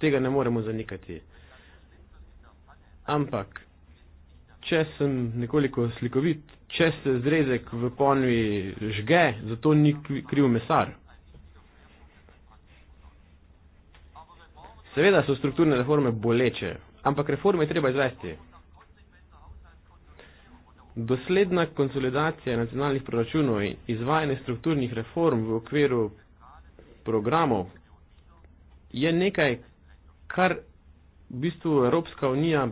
Tega ne moremo zanikati. Ampak če sem nekoliko slikovit, če se zrezek v ponvi žge, zato ni kriv mesar. Seveda so strukturne reforme boleče, ampak reforme je treba izvesti. Dosledna konsolidacija nacionalnih proračunov in izvajanje strukturnih reform v okviru programov je nekaj, kar v bistvu Evropska unija uh,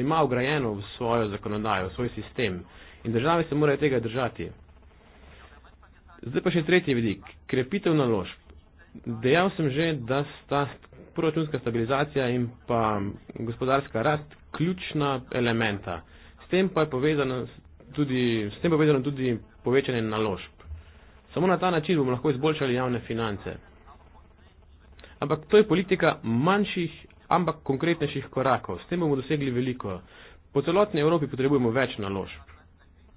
ima ugrajeno v svojo zakonodajo, v svoj sistem in države se morajo tega držati. Zdaj pa še tretji vidik, krepitev naložb. Dejal sem že, da sta proračunska stabilizacija in pa gospodarska rast ključna elementa. S tem pa je povezano tudi, s tem povezano tudi povečanje naložb. Samo na ta način bomo lahko izboljšali javne finance. Ampak to je politika manjših ampak konkretnejših korakov. S tem bomo dosegli veliko. Po celotni Evropi potrebujemo več naložb.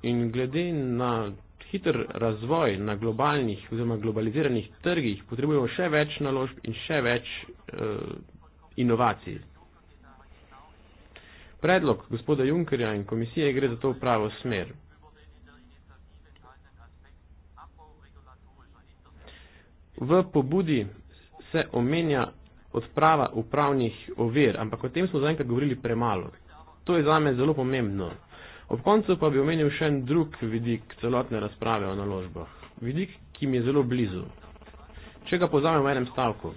In glede na hiter razvoj na globalnih oziroma globaliziranih trgih, potrebujemo še več naložb in še več uh, inovacij. Predlog gospoda Junkerja in komisije gre za to pravo smer. V pobudi se omenja odprava upravnih ovir, ampak o tem smo zaenkrat govorili premalo. To je zame zelo pomembno. Ob koncu pa bi omenil še en drug vidik celotne razprave o naložbah. Vidik, ki mi je zelo blizu. Če ga pozamem v enem stavku.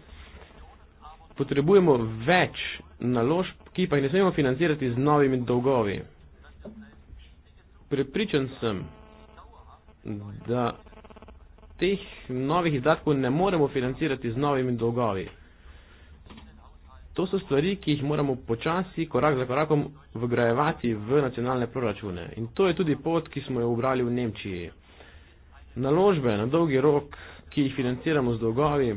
Potrebujemo več naložb, ki pa jih ne smemo financirati z novimi dolgovi. Prepričan sem, da teh novih izdatkov ne moremo financirati z novimi dolgovi to so stvari, ki jih moramo počasi, korak za korakom, vgrajevati v nacionalne proračune. In to je tudi pot, ki smo jo obrali v Nemčiji. Naložbe na dolgi rok, ki jih financiramo z dolgovi,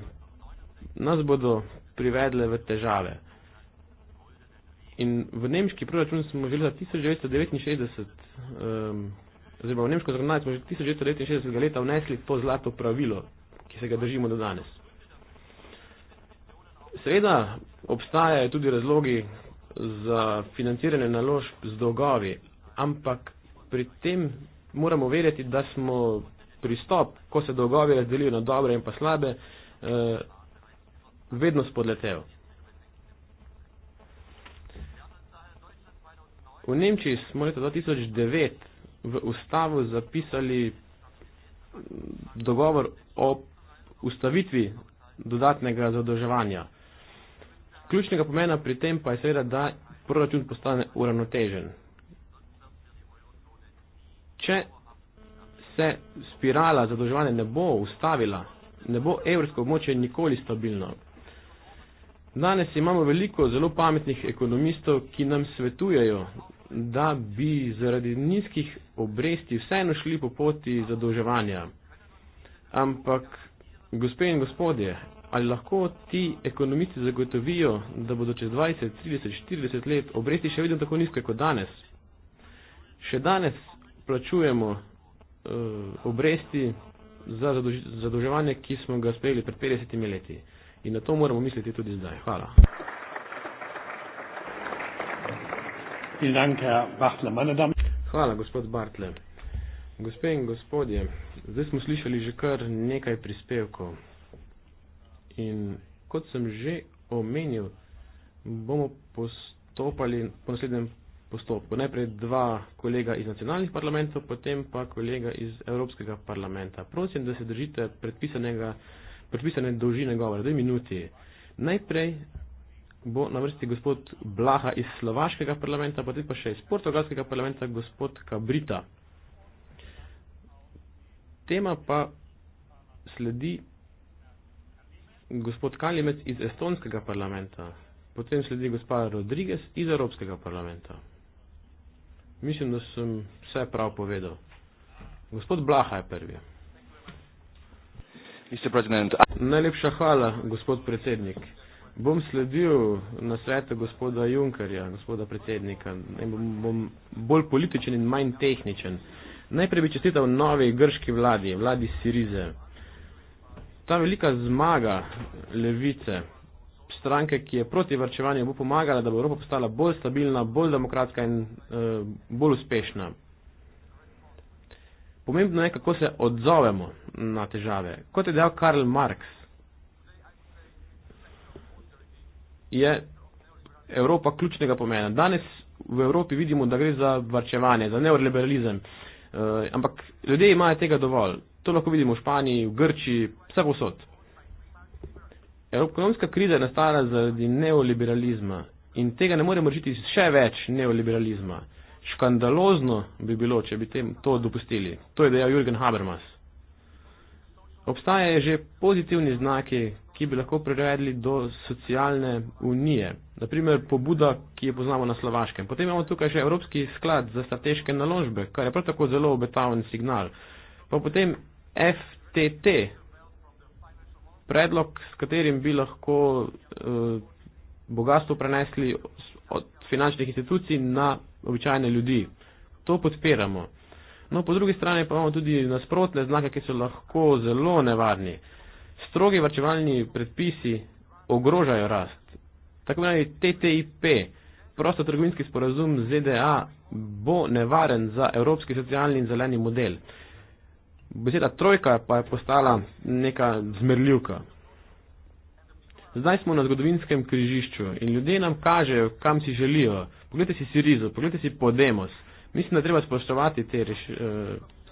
nas bodo privedle v težave. In v nemški proračun smo že leta 1969, oziroma um, v nemško zakonodajo smo že 1969 leta vnesli to zlato pravilo, ki se ga držimo do danes. Seveda, Obstajajo tudi razlogi za financiranje naložb z dolgovi, ampak pri tem moramo vedeti, da smo pristop, ko se dolgovi razdelijo na dobre in pa slabe, eh, vedno spodletev. V Nemčiji smo leta 2009 v ustavu zapisali dogovor o ustavitvi dodatnega zadolževanja. Ključnega pomena pri tem pa je seveda, da proračun postane uravnotežen. Če se spirala zadolževanja ne bo ustavila, ne bo evrsko območje nikoli stabilno. Danes imamo veliko zelo pametnih ekonomistov, ki nam svetujejo, da bi zaradi nizkih obresti vseeno šli po poti zadolževanja. Ampak, gospe in gospodje, ali lahko ti ekonomisti zagotovijo, da bodo čez 20, 30, 40 let obresti še vedno tako nizke kot danes. Še danes plačujemo uh, obresti za zadolževanje, ki smo ga sprejeli pred 50 leti. In na to moramo misliti tudi zdaj. Hvala. Hvala, gospod Bartle. Gospe in gospodje, zdaj smo slišali že kar nekaj prispevkov in kot sem že omenil, bomo postopali po naslednjem postopku. Najprej dva kolega iz nacionalnih parlamentov, potem pa kolega iz Evropskega parlamenta. Prosim, da se držite predpisane dolžine govora, dve minuti. Najprej bo na vrsti gospod Blaha iz Slovaškega parlamenta, potem pa še iz Portugalskega parlamenta gospod Kabrita. Tema pa sledi gospod Kalimec iz Estonskega parlamenta. Potem sledi gospa Rodriguez iz Evropskega parlamenta. Mislim, da sem vse prav povedal. Gospod Blaha je prvi. Mr. President. Najlepša hvala, gospod predsednik. Bom sledil na svete gospoda Junkerja, gospoda predsednika. Bom, bom bolj političen in manj tehničen. Najprej bi čestital novi grški vladi, vladi Sirize ta velika zmaga levice, stranke, ki je proti vrčevanju, bo pomagala, da bo Evropa postala bolj stabilna, bolj demokratska in uh, bolj uspešna. Pomembno je, kako se odzovemo na težave. Kot je dejal Karl Marx, je Evropa ključnega pomena. Danes v Evropi vidimo, da gre za vrčevanje, za neoliberalizem. Uh, ampak ljudje imajo tega dovolj. To lahko vidimo v Španiji, v Grčiji, vsak osod. Ekonomska kriza je nastala zaradi neoliberalizma in tega ne moremo rešiti še več neoliberalizma. Škandalozno bi bilo, če bi tem to dopustili. To je dejal Jürgen Habermas. Obstajajo že pozitivni znaki, ki bi lahko prevedli do socialne unije. Naprimer, pobuda, ki jo poznamo na Slovaškem. Potem imamo tukaj še Evropski sklad za strateške naložbe, kar je prav tako zelo obetaven signal. Pa potem FTT, predlog, s katerim bi lahko eh, bogatstvo prenesli od finančnih institucij na običajne ljudi. To podpiramo. No, po drugi strani pa imamo tudi nasprotne znake, ki so lahko zelo nevarni. Strogi varčevalni predpisi ogrožajo rast. Tako meni TTIP, prostotrgovinski sporazum ZDA, bo nevaren za evropski socialni in zeleni model beseda trojka pa je postala neka zmerljivka. Zdaj smo na zgodovinskem križišču in ljudje nam kažejo, kam si želijo. Poglejte si Sirizo, poglejte si Podemos. Mislim, da treba spoštovati te reš, eh,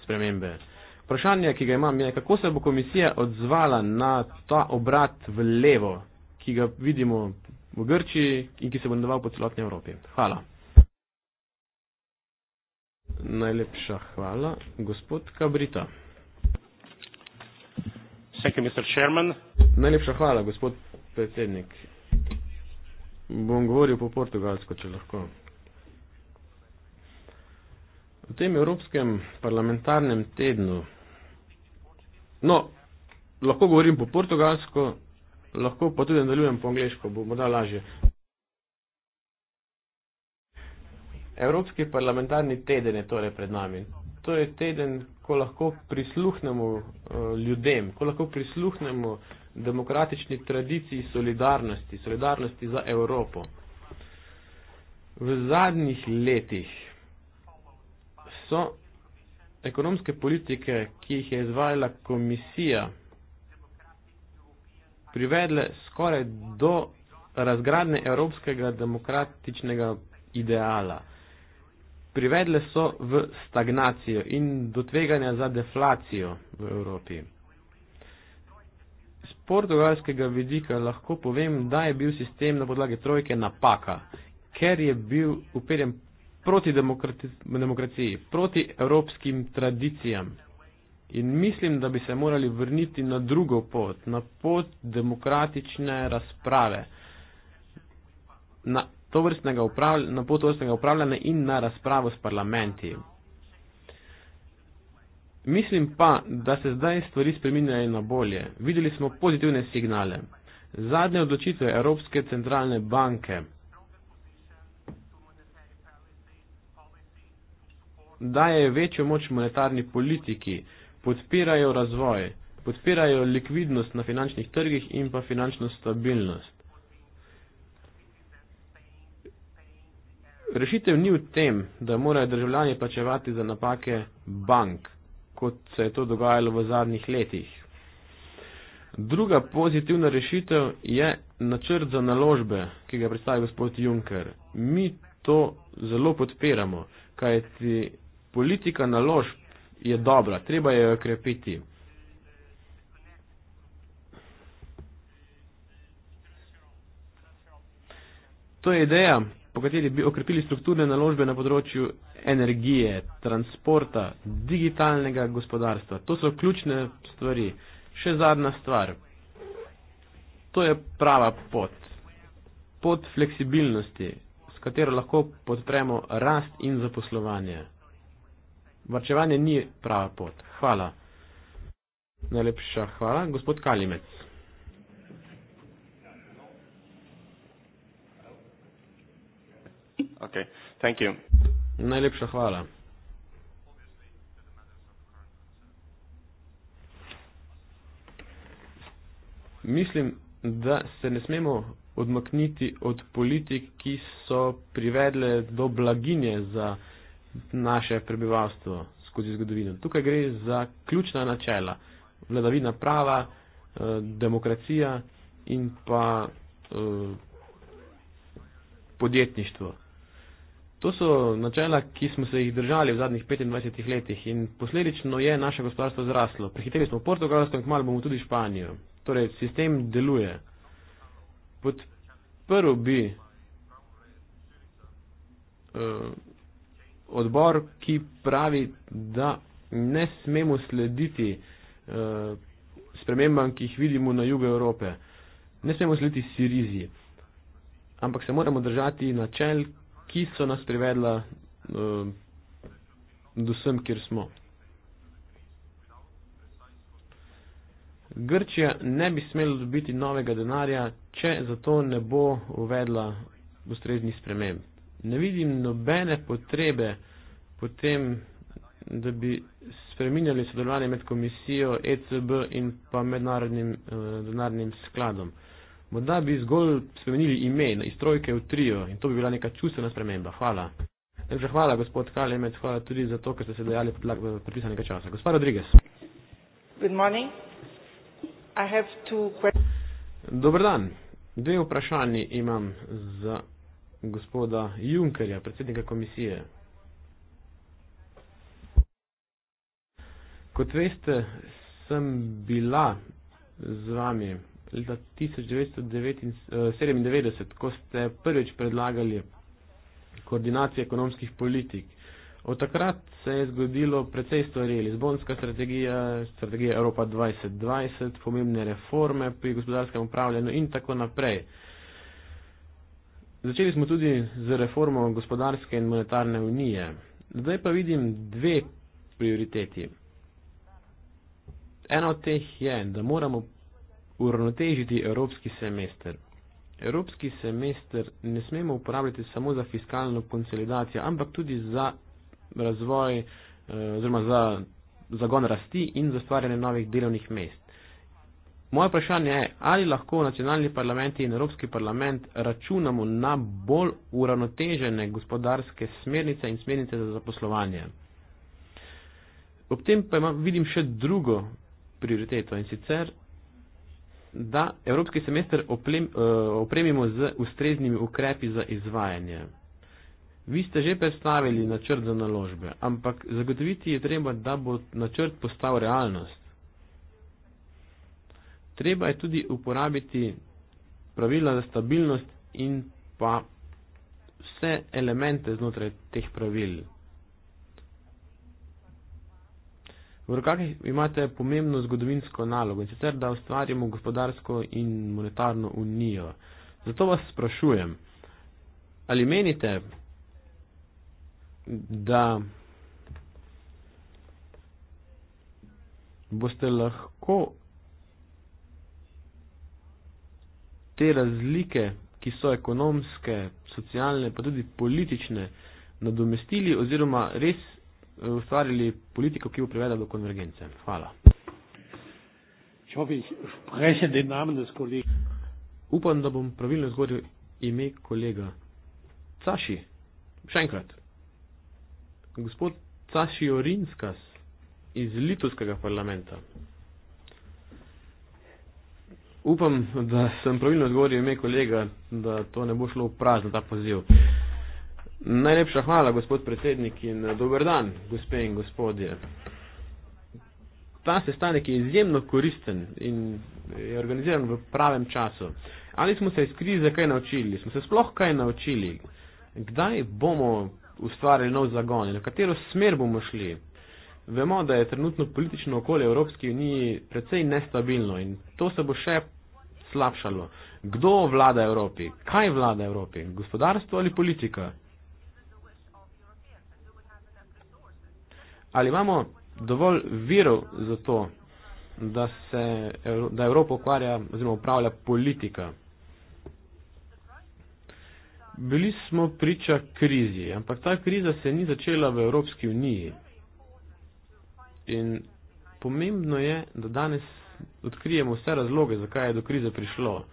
spremembe. Vprašanje, ki ga imam, je, kako se bo komisija odzvala na ta obrat v levo, ki ga vidimo v Grči in ki se bo nadaval po celotni Evropi. Hvala. Najlepša hvala, gospod Kabrita. Thank you, Mr. Chairman. Najlepša hvala, gospod predsednik. Bom govoril po portugalsko, če lahko. V tem Evropskem parlamentarnem tednu, no, lahko govorim po portugalsko, lahko pa tudi nadaljujem po angliško, bo morda lažje. Evropski parlamentarni teden je torej pred nami. To je teden, ko lahko prisluhnemo uh, ljudem, ko lahko prisluhnemo demokratični tradiciji solidarnosti, solidarnosti za Evropo. V zadnjih letih so ekonomske politike, ki jih je izvajala komisija, privedle skoraj do razgradne evropskega demokratičnega ideala privedle so v stagnacijo in do tveganja za deflacijo v Evropi. Z portugalskega vidika lahko povem, da je bil sistem na podlagi trojke napaka, ker je bil uperjen proti demokrati, demokraciji, proti evropskim tradicijam. In mislim, da bi se morali vrniti na drugo pot, na pot demokratične razprave, na to vrstnega na pot vrstnega upravljanja in na razpravo s parlamenti. Mislim pa, da se zdaj stvari spreminjajo na bolje. Videli smo pozitivne signale. Zadnje odločitve Evropske centralne banke, dajejo večjo moč monetarni politiki, podpirajo razvoj, podpirajo likvidnost na finančnih trgih in pa finančno stabilnost. Rešitev ni v tem, da morajo državljani plačevati za napake bank, kot se je to dogajalo v zadnjih letih. Druga pozitivna rešitev je načrt za naložbe, ki ga predstavlja gospod Juncker. Mi to zelo podpiramo, kajti politika naložb je dobra, treba jo okrepiti. To je ideja, po kateri bi okrepili strukturne naložbe na področju energije, transporta, digitalnega gospodarstva. To so ključne stvari. Še zadnja stvar. To je prava pot. Pot fleksibilnosti, s katero lahko podpremo rast in zaposlovanje. Varčevanje ni prava pot. Hvala. Najlepša hvala. Gospod Kalimec. Okay. Thank you. Najlepša hvala. Mislim, da se ne smemo odmakniti od politik, ki so privedle do blaginje za naše prebivalstvo skozi zgodovino. Tukaj gre za ključna načela. Vladavina prava, eh, demokracija in pa eh, podjetništvo. To so načela, ki smo se jih držali v zadnjih 25 letih in posledično je naše gospodarstvo zraslo. Prehiteli smo Portugalsko in kmalo bomo tudi Španijo. Torej, sistem deluje. Podprl bi uh, odbor, ki pravi, da ne smemo slediti uh, spremembam, ki jih vidimo na jugu Evrope. Ne smemo slediti Siriziji. Ampak se moramo držati načel, ki so nas privedla uh, do sem, kjer smo. Grčija ne bi smela dobiti novega denarja, če zato ne bo uvedla ustrezni sprememb. Ne vidim nobene potrebe potem, da bi spreminjali sodelovanje med komisijo, ECB in pa mednarodnim uh, denarnim skladom. Uh, Morda bi zgolj spremenili ime iz trojke v trio in to bi bila neka čustvena sprememba. Hvala. Najprej hvala, gospod Kalemec, hvala tudi za to, ker ste se dojali v predpisanega časa. Gospod Rodriguez. Good morning. I have two questions. Dobar dan. Dve vprašanji imam za gospoda Junkerja, predsednika komisije. Kot veste, sem bila z vami leta 1997, eh, ko ste prvič predlagali koordinacijo ekonomskih politik. Od takrat se je zgodilo precej stvari. Lizbonska strategija, strategija Evropa 2020, pomembne reforme pri gospodarskem upravljanju in tako naprej. Začeli smo tudi z reformo gospodarske in monetarne unije. Zdaj pa vidim dve prioriteti. Ena od teh je, da moramo uravnotežiti evropski semester. Evropski semester ne smemo uporabljati samo za fiskalno konsolidacijo, ampak tudi za razvoj eh, oziroma za zagon rasti in za stvarjanje novih delovnih mest. Moje vprašanje je, ali lahko nacionalni parlamenti in Evropski parlament računamo na bolj uravnotežene gospodarske smernice in smernice za zaposlovanje. Ob tem pa imam, vidim še drugo prioriteto in sicer da evropski semester oplem, eh, opremimo z ustreznimi ukrepi za izvajanje. Vi ste že predstavili načrt za naložbe, ampak zagotoviti je treba, da bo načrt postal realnost. Treba je tudi uporabiti pravila za stabilnost in pa vse elemente znotraj teh pravil. V rokah imate pomembno zgodovinsko nalogo in sicer, da ustvarimo gospodarsko in monetarno unijo. Zato vas sprašujem, ali menite, da boste lahko te razlike, ki so ekonomske, socialne, pa tudi politične, nadomestili oziroma res Eh, ustvarili politiko, ki bo privedla do konvergence. Hvala. Upam, da bom pravilno izgovoril ime kolega Caši. Še enkrat. Gospod Caši Orinskas iz Litovskega parlamenta. Upam, da sem pravilno odgovoril ime kolega, da to ne bo šlo v prazno ta poziv. Najlepša hvala, gospod predsednik in eh, dober dan, gospe in gospodje. Ta sestanek je izjemno koristen in eh, je organiziran v pravem času. Ali smo se iz krize kaj naučili? Smo se sploh kaj naučili? Kdaj bomo ustvarili nov zagon in v katero smer bomo šli? Vemo, da je trenutno politično okolje Evropske unije precej nestabilno in to se bo še slabšalo. Kdo vlada Evropi? Kaj vlada Evropi? Gospodarstvo ali politika? ali imamo dovolj virov za to, da se da Evropo ukvarja oziroma upravlja politika. Bili smo priča krizi, ampak ta kriza se ni začela v Evropski uniji. In pomembno je, da danes odkrijemo vse razloge, zakaj je do krize prišlo.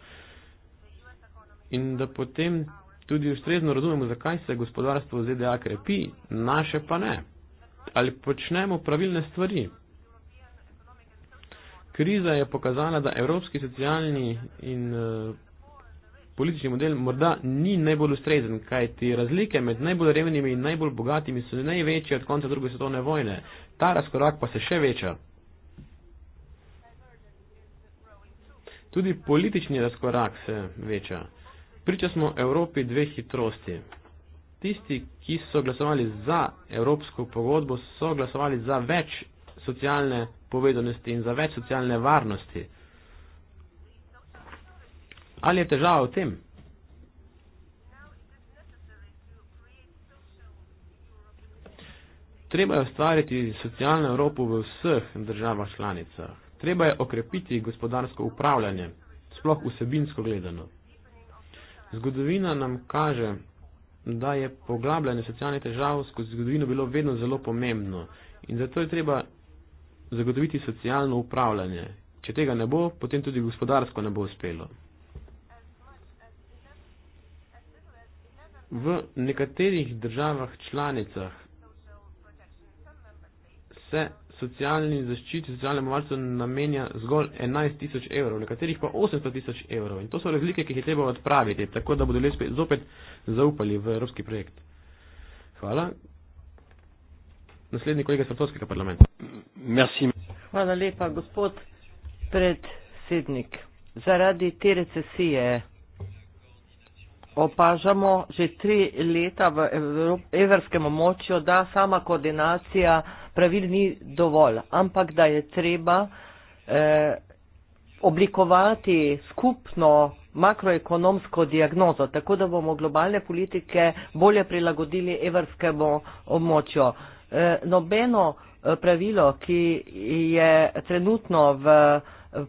In da potem tudi ustrezno razumemo, zakaj se gospodarstvo ZDA krepi, naše pa ne ali počnemo pravilne stvari. Kriza je pokazala, da evropski socialni in eh, politični model morda ni najbolj ustrezen, kajti razlike med najbolj revnimi in najbolj bogatimi so največje od konca druge svetovne vojne. Ta razkorak pa se še veča. Tudi politični razkorak se veča. Priča smo Evropi dveh hitrosti tisti, ki so glasovali za evropsko pogodbo, so glasovali za več socialne povedanosti in za več socialne varnosti. Ali je težava v tem? Treba je ustvariti socialno Evropo v vseh državah članicah. Treba je okrepiti gospodarsko upravljanje, sploh vsebinsko gledano. Zgodovina nam kaže, da je poglabljanje socialnih težav skozi zgodovino bilo vedno zelo pomembno in zato je treba zagotoviti socialno upravljanje. Če tega ne bo, potem tudi gospodarsko ne bo uspelo. V nekaterih državah članicah se socialni zaščiti, socialnemu varstvu namenja zgolj 11 tisoč evrov, nekaterih pa 800 tisoč evrov. In to so razlike, ki jih je treba odpraviti, tako da bodo ljudje zopet zaupali v evropski projekt. Hvala. Naslednji kolega iz francoskega parlamenta. Merci. Hvala lepa, gospod predsednik. Zaradi te recesije opažamo že tri leta v evropskem območju, da sama koordinacija pravil ni dovolj, ampak da je treba eh, oblikovati skupno makroekonomsko diagnozo, tako da bomo globalne politike bolje prilagodili evrskemu območju. Eh, nobeno eh, pravilo, ki je trenutno v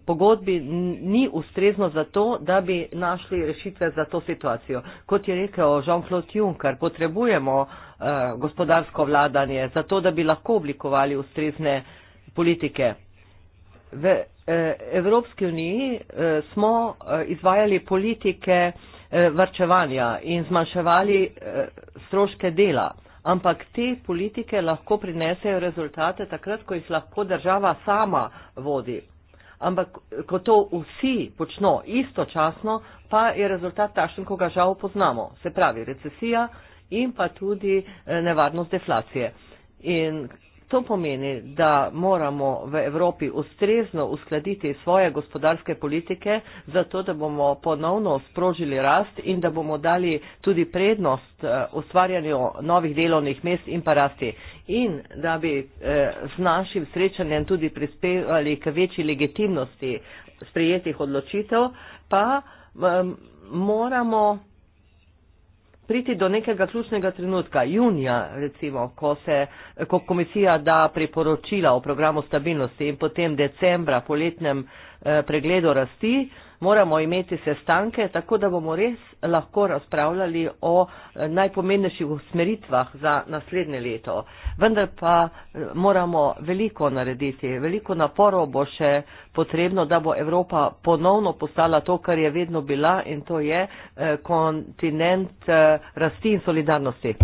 pogodbi, ni ustrezno za to, da bi našli rešitve za to situacijo. Kot je rekel Jean-Claude Juncker, potrebujemo eh, Eh, gospodarsko vladanje, zato da bi lahko oblikovali ustrezne politike. V eh, Evropski uniji eh, smo izvajali politike varčevanja in zmanjševali stroške dela, ampak te politike lahko prinesejo rezultate takrat, ko jih lahko država sama vodi. Ampak, ko to vsi počno istočasno, pa je rezultat takšen, ko ga žal poznamo. Se pravi, recesija, in pa tudi eh, nevarnost deflacije. In to pomeni, da moramo v Evropi ustrezno uskladiti svoje gospodarske politike, zato da bomo ponovno sprožili rast in da bomo dali tudi prednost eh, ustvarjanju novih delovnih mest in pa rasti. In da bi eh, z našim srečanjem tudi prispevali k večji legitimnosti sprejetih odločitev, pa moramo priti do nekega ključnega trenutka, junija recimo, ko se ko komisija da priporočila o programu stabilnosti in potem decembra poletnem eh, pregledu rasti, eh, moramo imeti sestanke, tako da bomo res lahko razpravljali o eh, najpomembnejših usmeritvah za naslednje leto. Vendar pa eh, moramo veliko narediti, veliko naporov bo še potrebno, da bo Evropa ponovno postala to, kar je vedno bila in to je eh, kontinent rasti in solidarnosti.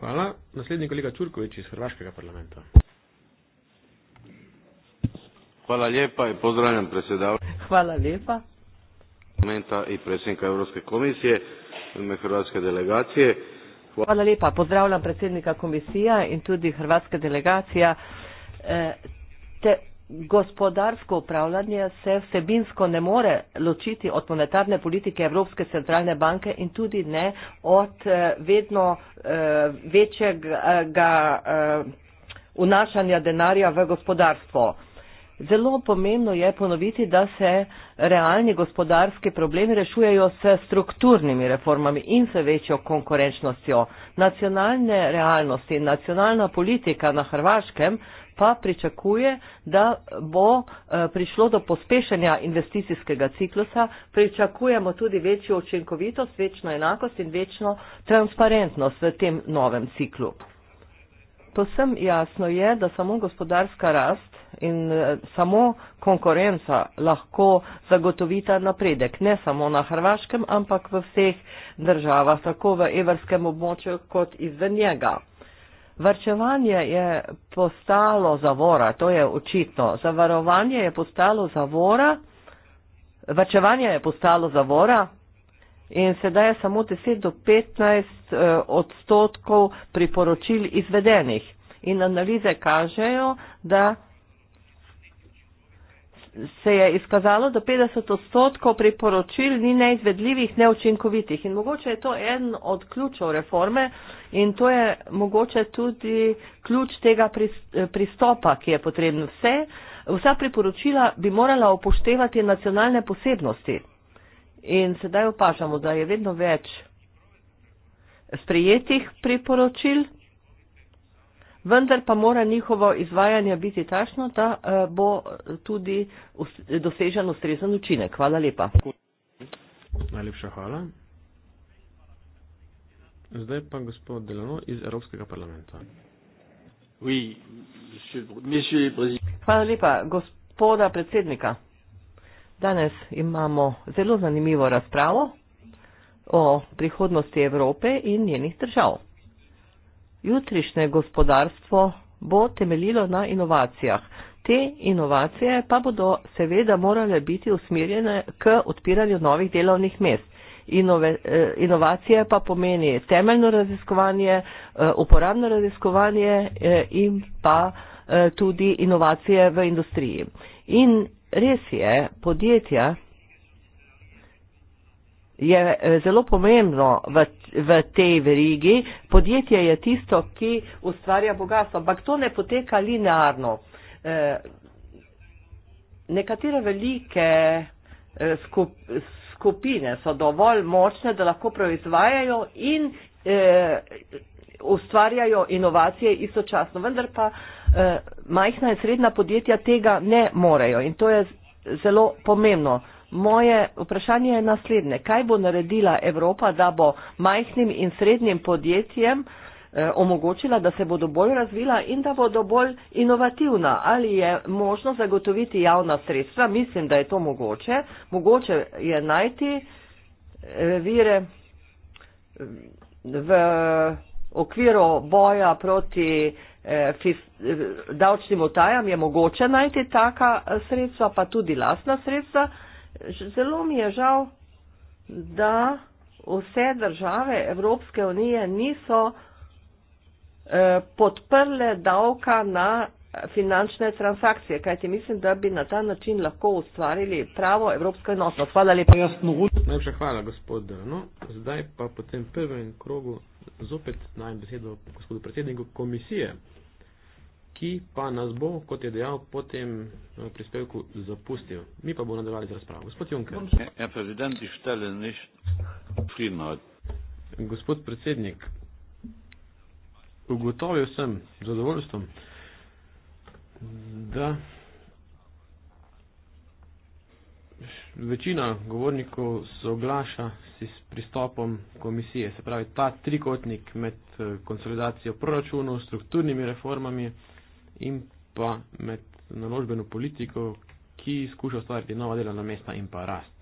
Hvala. Naslednji kolega Čurković iz Hrvaškega parlamenta. Hvala lijepa i pozdravljam predsjedavljena. Hvala lijepa. ...komenta i predsjednika Evropske komisije, ime Hrvatske delegacije. Hvala, Hvala lijepa, pozdravljam predsjednika komisija i tudi Hrvatska delegacija. Eh, te gospodarsko upravljanje se vsebinsko ne more ločiti od monetarne politike Evropske centralne banke in tudi ne od eh, vedno eh, večjega vnašanja denarja v gospodarstvo. Zelo pomembno je ponoviti, da se realni gospodarski problemi rešujejo s strukturnimi reformami in s večjo konkurenčnostjo. Nacionalne realnosti in nacionalna politika na Hrvaškem pa pričakuje, da bo eh, prišlo do pospešenja investicijskega ciklusa. Pričakujemo tudi večjo učinkovitost, večno enakost in večno transparentnost v tem novem ciklu. Posem jasno je, da samo gospodarska rast in eh, samo konkurenca lahko zagotovita napredek, ne samo na Hrvaškem, ampak v vseh državah, tako v evrskem območju kot izven njega. Vrčevanje je postalo zavora, to je očitno. Zavarovanje je postalo zavora, vrčevanje je postalo zavora in sedaj je samo 10 do 15 eh, odstotkov priporočil izvedenih. In analize kažejo, da se je izkazalo, da 50 odstotkov priporočil ni neizvedljivih, neučinkovitih. In mogoče je to en od ključev reforme in to je mogoče tudi ključ tega pristopa, ki je potrebno vse. Vsa priporočila bi morala upoštevati nacionalne posebnosti. In sedaj opažamo, da je vedno več sprijetih priporočil, vendar pa mora njihovo izvajanje biti takšno, da eh, bo tudi dosežen ustrezen učinek. Hvala lepa. Najlepša hvala. Zdaj pa gospod Delano iz Evropskega parlamenta. Hvala lepa, gospoda predsednika. Danes imamo zelo zanimivo razpravo o prihodnosti Evrope in njenih držav jutrišnje gospodarstvo bo temeljilo na inovacijah. Te inovacije pa bodo seveda morale biti usmirjene k odpiranju novih delovnih mest. Inove, eh, inovacije pa pomeni temeljno raziskovanje, eh, uporabno raziskovanje eh, in pa tudi inovacije v industriji. In res je, podjetja, je eh, zelo pomembno v, v tej verigi. Podjetje je tisto, ki ustvarja bogatstvo, ampak to ne poteka linearno. Eh, nekatere velike eh, skupine so dovolj močne, da lahko proizvajajo in ustvarjajo inovacije istočasno, vendar pa majhna in srednja podjetja tega ne morejo in to je zelo pomembno. Moje vprašanje je naslednje. Kaj bo naredila Evropa, da bo majhnim in srednjim podjetjem eh, omogočila, da se bodo bolj razvila in da bodo bolj inovativna. Ali je možno zagotoviti javna sredstva? Mislim, da je to mogoče. Mogoče je najti eh, vire eh, v okviru boja proti davčnim otajam, je mogoče najti taka sredstva, pa tudi lasna sredstva zelo mi je žal, da vse države Evropske unije niso eh, podprle davka na finančne transakcije, kajti mislim, da bi na ta način lahko ustvarili pravo evropsko enotnost. Hvala lepa. Najprej hvala, gospod Drno. Zdaj pa potem prvem krogu zopet najem besedo gospodu predsedniku komisije ki pa nas bo, kot je dejal, po tem eh, prispevku zapustil. Mi pa bomo nadaljevali z razpravo. Gospod Juncker. Ja, Gospod predsednik, ugotovil sem z zadovoljstvom, da večina govornikov soglaša s pristopom komisije, se pravi ta trikotnik med eh, konsolidacijo proračunov, strukturnimi reformami, in pa med naložbeno politiko, ki skuša ustvariti nova delovna mesta in pa rast.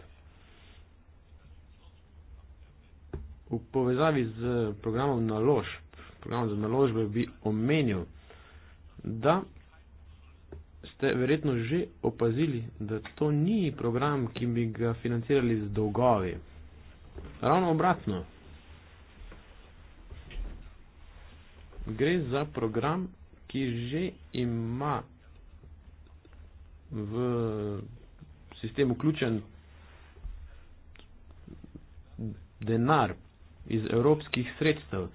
V povezavi z programom naložb, programom za naložbe bi omenil, da ste verjetno že opazili, da to ni program, ki bi ga financirali z dolgovi. Ravno obratno. Gre za program, ki že ima v sistem vključen denar iz evropskih sredstev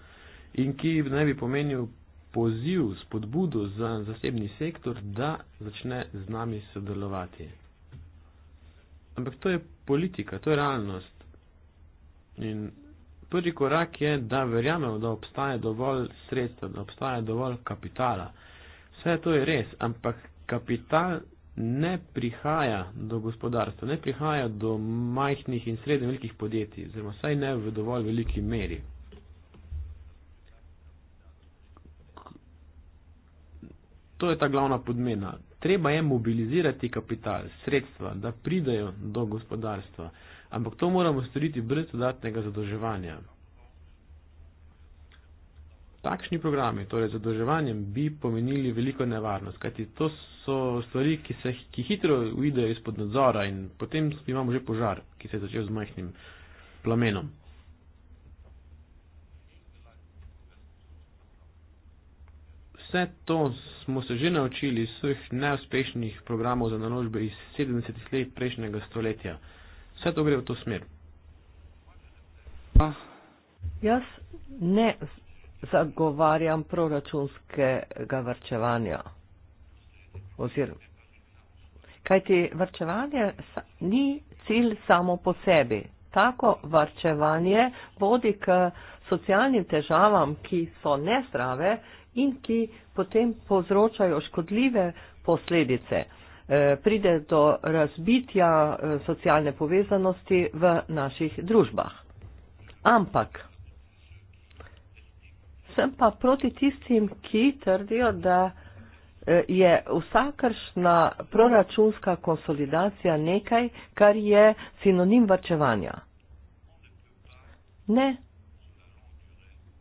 in ki naj bi pomenil poziv, spodbudo za zasebni sektor, da začne z nami sodelovati. Ampak to je politika, to je realnost. In prvi korak je, da verjamemo, da obstaja dovolj sredstev, da obstaja dovolj kapitala. Vse to je res, ampak kapital ne prihaja do gospodarstva, ne prihaja do majhnih in srednje velikih podjetij, oziroma vsaj ne v dovolj veliki meri. To je ta glavna podmena. Treba je mobilizirati kapital, sredstva, da pridejo do gospodarstva ampak to moramo storiti brez dodatnega zadolževanja. Takšni programi, torej zadolževanjem, bi pomenili veliko nevarnost, kajti to so stvari, ki, se, ki hitro uidejo izpod nadzora in potem imamo že požar, ki se je začel z majhnim plamenom. Vse to smo se že naučili iz vseh neuspešnih programov za naložbe iz 70-ih let prejšnjega stoletja vse to gre v to smer. Ah. Jaz ne zagovarjam proračunskega vrčevanja. Ozir. Kaj ti vrčevanje ni cilj samo po sebi. Tako vrčevanje vodi k socialnim težavam, ki so nezdrave in ki potem povzročajo škodljive posledice. Uh, Eh, pride do razbitja eh, socialne povezanosti v naših družbah. Ampak sem pa proti tistim, ki trdijo, da eh, je vsakršna proračunska konsolidacija nekaj, kar je sinonim vrčevanja. Ne,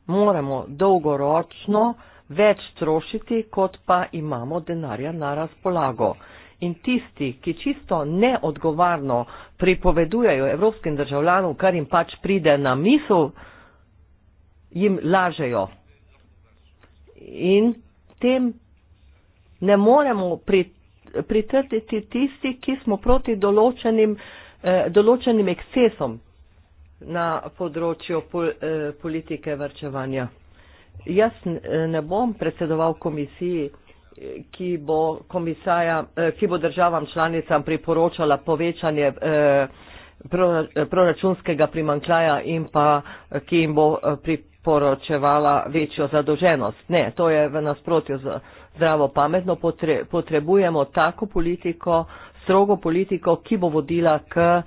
moramo dolgoročno več trošiti, kot pa imamo denarja na razpolago in tisti, ki čisto neodgovarno pripovedujejo evropskim državljanom, kar jim pač pride na misel, jim lažejo. In tem ne moremo pritrditi tisti, ki smo proti določenim, eh, določenim ekscesom na področju eh, politike vrčevanja. Jaz eh, ne bom predsedoval komisiji, ki bo komisarja, eh, ki bo državam članicam priporočala povečanje eh, proračunskega primankljaja in pa eh, ki jim bo priporočevala večjo zadolženost. Ne, to je v nasprotju z zdravo pametno. Potrebujemo tako politiko, strogo politiko, ki bo vodila k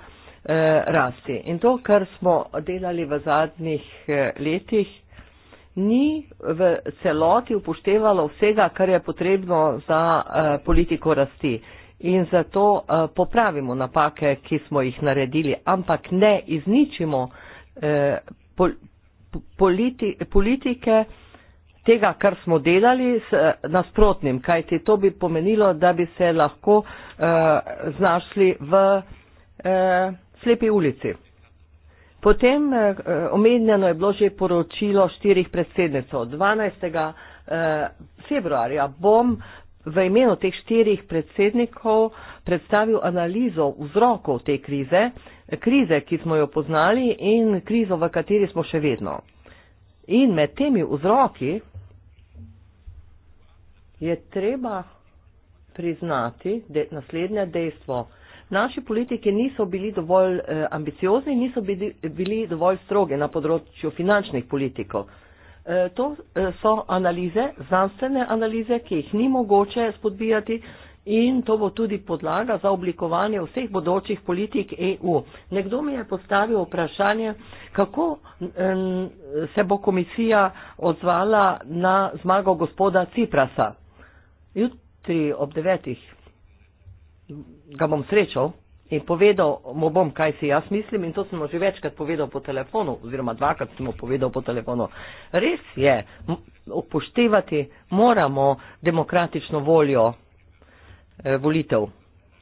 rasti. In to, kar smo delali v zadnjih letih, ni v celoti upoštevalo vsega, kar je potrebno za eh, politiko rasti. In zato eh, popravimo napake, ki smo jih naredili, ampak ne izničimo eh, politike tega, kar smo delali s nasprotnim, kajti to bi pomenilo, da bi se lahko uh, znašli v uh, slepi ulici. Potem eh, eh, omenjeno je bilo že poročilo štirih predsednicov. 12. Eh, februarja bom v imenu teh štirih predsednikov predstavil analizo vzrokov te krize, krize, ki smo jo poznali in krizo, v kateri smo še vedno. In med temi vzroki je treba priznati naslednje dejstvo naše politike niso bili dovolj eh, ambiciozni, niso bili, bili dovolj stroge na področju finančnih politikov. Eh, to eh, so analize, znanstvene analize, ki jih ni mogoče spodbijati in to bo tudi podlaga za oblikovanje vseh bodočih politik EU. Nekdo mi je postavil vprašanje, kako eh, se bo komisija odzvala na zmago gospoda Ciprasa. Jutri ob devetih ga bom srečal in povedal mu bom, kaj si jaz mislim in to sem mu že večkrat povedal po telefonu oziroma dvakrat sem mu povedal po telefonu. Res je, upoštevati moramo demokratično voljo eh, volitev,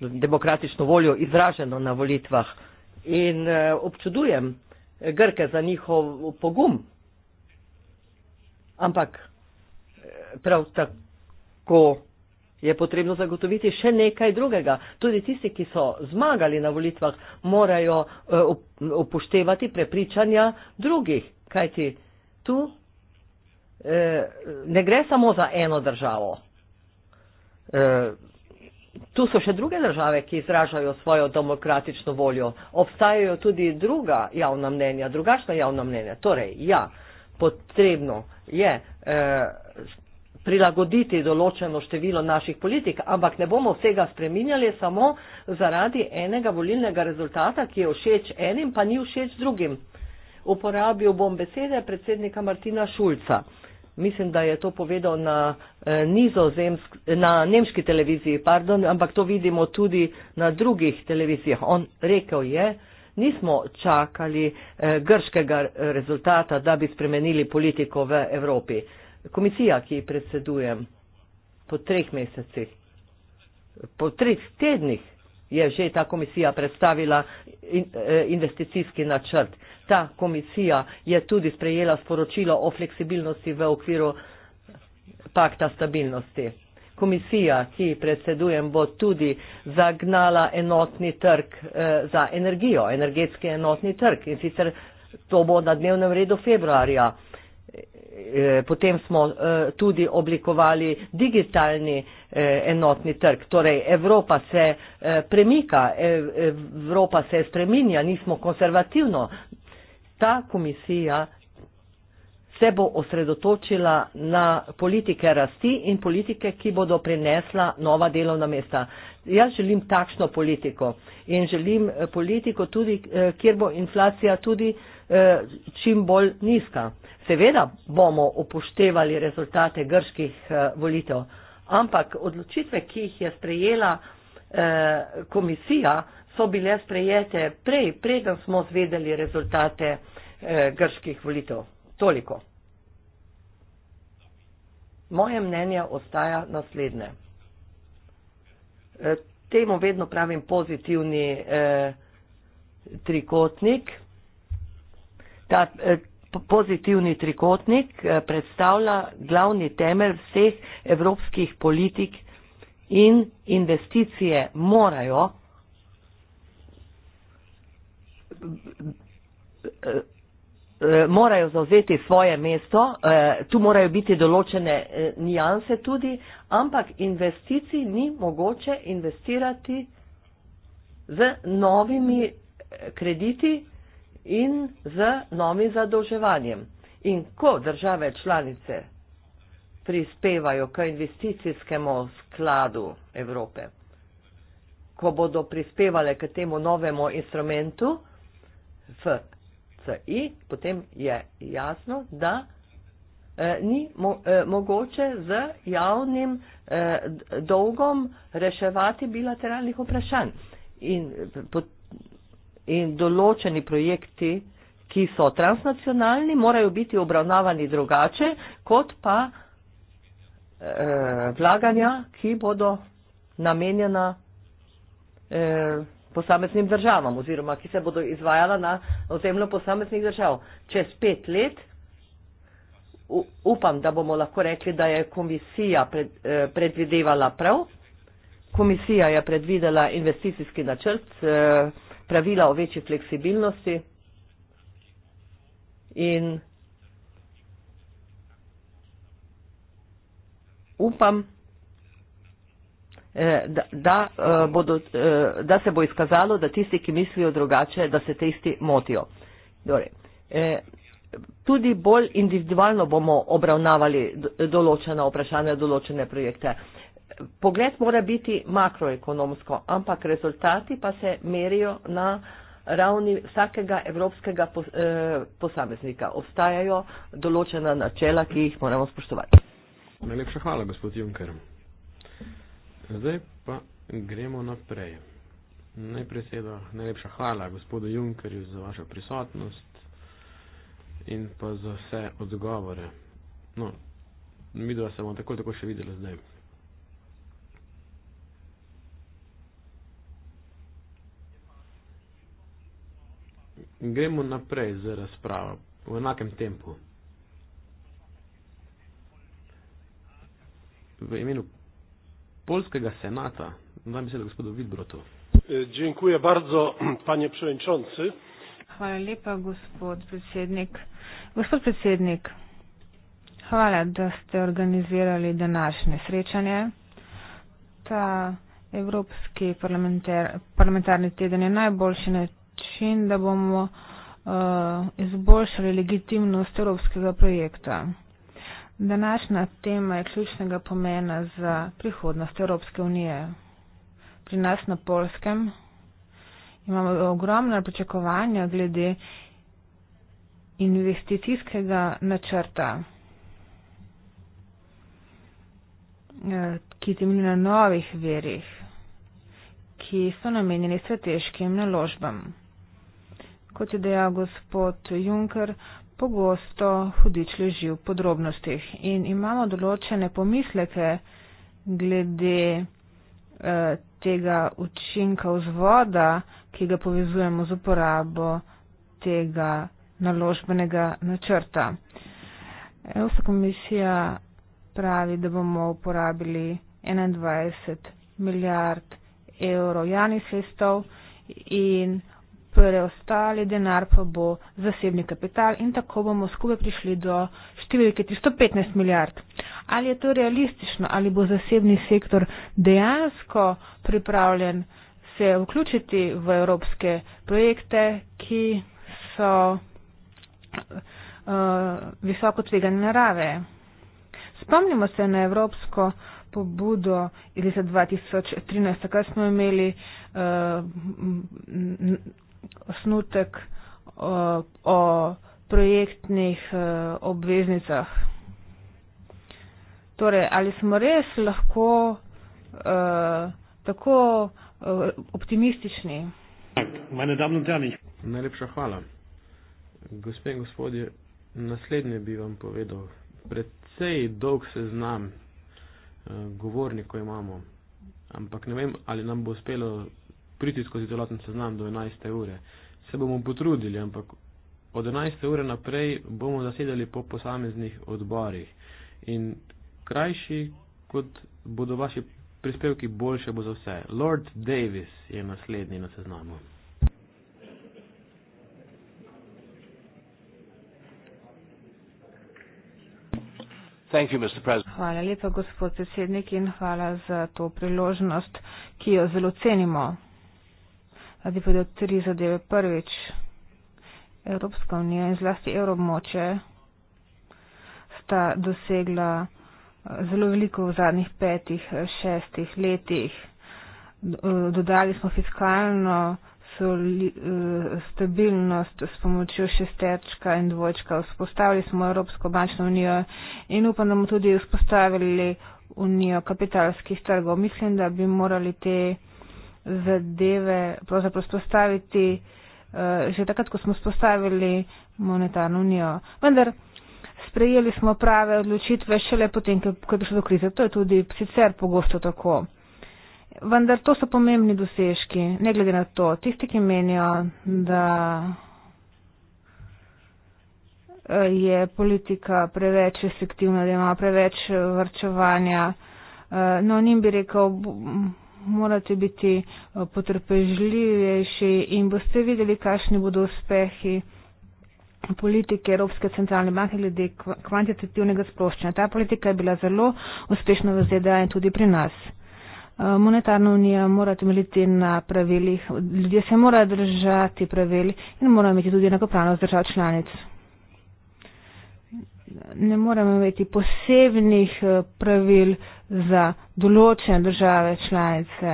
demokratično voljo izraženo na volitvah in eh, občudujem Grke za njihov pogum, ampak eh, prav tako je potrebno zagotoviti še nekaj drugega. Tudi tisti, ki so zmagali na volitvah, morajo eh, upoštevati prepričanja drugih. Kajti tu eh, ne gre samo za eno državo. Eh, tu so še druge države, ki izražajo svojo demokratično voljo. Obstajajo tudi druga javna mnenja, drugačna javna mnenja. Torej, ja, potrebno je eh, prilagoditi določeno število naših politik, ampak ne bomo vsega spreminjali samo zaradi enega volilnega rezultata, ki je všeč enim, pa ni všeč drugim. Uporabil bom besede predsednika Martina Šulca. Mislim, da je to povedal na, eh, nizozemsk, na nemški televiziji, pardon, ampak to vidimo tudi na drugih televizijah. On rekel je, nismo čakali eh, grškega rezultata, da bi spremenili politiko v Evropi komisija, ki ji predsedujem, po treh mesecih, po treh tednih je že ta komisija predstavila eh, investicijski načrt. Ta komisija je tudi sprejela sporočilo o fleksibilnosti v okviru pakta stabilnosti. Komisija, ki predsedujem, bo tudi zagnala enotni trg eh, za energijo, energetski enotni trg in sicer to bo na dnevnem redu februarja. Eh, potem smo eh, tudi oblikovali digitalni eh, enotni trg. Torej Evropa se premika, Evropa se spreminja, nismo konservativno. Ta komisija se bo osredotočila na politike rasti in politike, ki bodo prinesla nova delovna mesta. Jaz želim takšno politiko in želim politiko tudi, kjer bo inflacija tudi Eh, čim bolj nizka. Seveda bomo upoštevali rezultate grških eh, volitev, ampak odločitve, ki jih je sprejela eh, komisija, so bile sprejete prej, preden smo zvedeli rezultate grških volitev. Toliko. Moje mnenje ostaja naslednje. Temu vedno pravim pozitivni eh, trikotnik ta eh, pozitivni trikotnik eh, predstavlja glavni temelj vseh evropskih politik in investicije morajo eh, morajo zauzeti svoje mesto, tu morajo biti določene nijanse tudi, ampak investicij ni mogoče investirati z novimi krediti, in z novim zadolževanjem. In ko države članice prispevajo k investicijskemu skladu Evrope, ko bodo prispevale k temu novemu instrumentu FCI, potem je jasno, da eh, ni mo eh, mogoče z javnim eh, dolgom reševati bilateralnih vprašanj. In eh, in določeni projekti, ki so transnacionalni, morajo biti obravnavani drugače, kot pa eh, vlaganja, ki bodo namenjena eh, posameznim državam oziroma ki se bodo izvajala na ozemlju posameznih držav. Čez pet let upam, da bomo lahko rekli, da je komisija pred, eh, predvidevala prav. Komisija je predvidela investicijski načrt. Eh, pravila o večji fleksibilnosti in upam, eh, da, da, eh, bodo, eh, da se bo izkazalo, da tisti, ki mislijo drugače, da se tisti motijo. Dore. Tudi bolj individualno bomo obravnavali določena vprašanja, določene projekte pogled mora biti makroekonomsko, ampak rezultati pa se merijo na ravni vsakega evropskega eh, posameznika. Obstajajo določena načela, ki jih moramo spoštovati. Najlepša hvala, gospod Junker. Zdaj pa gremo naprej. Najprej seveda najlepša hvala gospodu Junkerju za vašo prisotnost in pa za vse odgovore. No, mi dva se bomo tako tako še videli zdaj, In gremo naprej z razpravo v enakem tempu. V imenu Polskega senata dam besedo gospodu Vidbrotu. E, dziękuję bardzo, panie przewodniczący. Hvala lepa, gospod predsednik. Gospod predsednik, hvala, da ste organizirali današnje srečanje. Ta Evropski parlamentar, parlamentarni teden je najboljši na način, da bomo uh, izboljšali legitimnost evropskega projekta. Današnja tema je ključnega pomena za prihodnost Evropske unije. Pri nas na Polskem imamo ogromna pričakovanja glede investicijskega načrta, eh, ki temelji na novih verjih, ki so namenjeni strateškim naložbam kot je dejal gospod Juncker, pogosto hudič leži v podrobnostih. In imamo določene pomisleke glede eh, tega učinka vzvoda, ki ga povezujemo z uporabo tega naložbenega načrta. Evropska komisija pravi, da bomo uporabili 21 milijard evrov javnih sredstev in preostali denar pa bo zasebni kapital in tako bomo skupaj prišli do številke 315 milijard. Ali je to realistično, ali bo zasebni sektor dejansko pripravljen se vključiti v evropske projekte, ki so uh, visoko tvegane narave. Spomnimo se na evropsko pobudo iz 2013, takrat smo imeli uh, osnutek eh, o projektnih eh, obveznicah. Torej, ali smo res lahko eh, tako optimistični? Meine Damen und Herren. Najlepša hvala. Gospe in gospodje, naslednje bi vam povedal. Predvsej dolg seznam govornikov imamo, ampak ne vem, ali nam bo uspelo priti skozi celoten seznam do 11. ure. Se bomo potrudili, ampak od 11. ure naprej bomo zasedali po posameznih odborih. In krajši, kot bodo vaši prispevki, boljše bo za vse. Lord Davis je naslednji na seznamu. Thank you, Mr. President. Hvala lepa, gospod predsednik, in hvala za to priložnost, ki jo zelo cenimo da bodo tri zadeve. Prvič, Evropska unija in zlasti Evropmoče sta dosegla eh, zelo veliko v zadnjih petih, šestih letih. Eh, dodali smo fiskalno eh, stabilnost s pomočjo šestečka in dvojčka. Vzpostavili smo Evropsko bančno unijo in upam, da bomo tudi vzpostavili unijo kapitalskih trgov. Mislim, da bi morali te zadeve, pravzaprav spostaviti eh, že takrat, ko smo spostavili monetarno unijo. Vendar sprejeli smo prave odločitve šele potem, ko je prišlo do krize. To je tudi sicer pogosto tako. Vendar to so pomembni dosežki, ne glede na to. Tisti, ki menijo, da eh, je politika preveč restriktivna, da ima preveč vrčevanja, eh, no, njim bi rekel, morate biti eh, potrpežljivejši in boste videli, kakšni bodo uspehi politike Evropske centralne banke glede kvantitativnega sproščanja. Ta politika je bila zelo uspešna v ZDA in tudi pri nas. Eh, monetarna unija mora temeljiti na pravilih, ljudje se morajo držati pravil in morajo imeti tudi enakopravnost držav članic ne moremo imeti posebnih eh, pravil za določene države članice,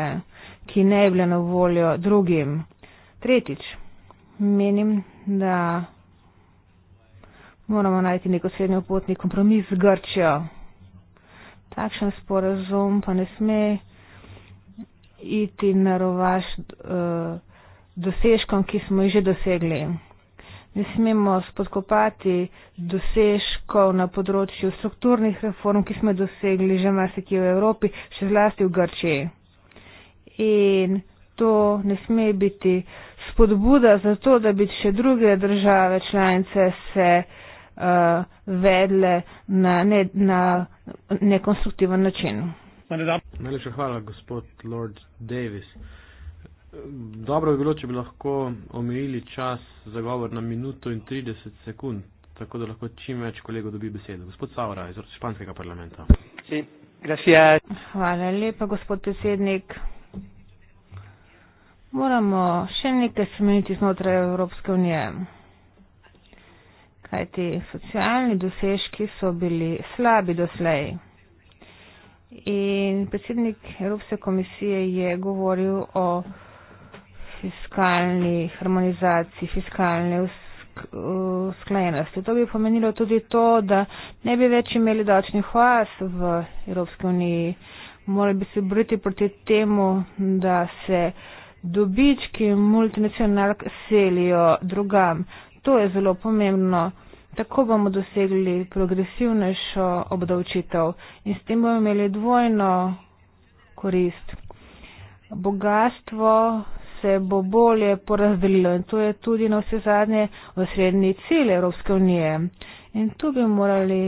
ki ne bi bile na voljo drugim. Tretjič, menim, da moramo najti neko srednjo potni kompromis z Grčijo. Takšen sporazum pa ne sme iti na rovaš eh, dosežkom, ki smo jih že dosegli ne smemo spodkopati dosežkov na področju strukturnih reform, ki smo dosegli že marsikje v Evropi, še zlasti v Grčiji. In to ne sme biti spodbuda za to, da bi še druge države članice se uh, vedle na, ne, na nekonstruktiven način. Najlepša hvala, gospod Lord Davis dobro bi bilo, če bi lahko omejili čas za govor na minuto in 30 sekund, tako da lahko čim več kolegov dobi besedo. Gospod Saura iz španskega parlamenta. Si, Hvala lepa, gospod predsednik. Moramo še nekaj spremeniti znotraj Evropske unije. Kajti socialni dosežki so bili slabi doslej. In predsednik Evropske komisije je govoril o fiskalni harmonizaciji, fiskalne usklajenosti. To bi pomenilo tudi to, da ne bi več imeli davčnih oas v Evropski uniji. Morali bi se boriti proti temu, da se dobički multinacionalk selijo drugam. To je zelo pomembno. Tako bomo dosegli progresivnejšo obdavčitev in s tem bomo imeli dvojno korist. Bogatstvo se bo bolje porazdelilo in to je tudi na vse zadnje osrednji cilj Evropske unije. In tu bi morali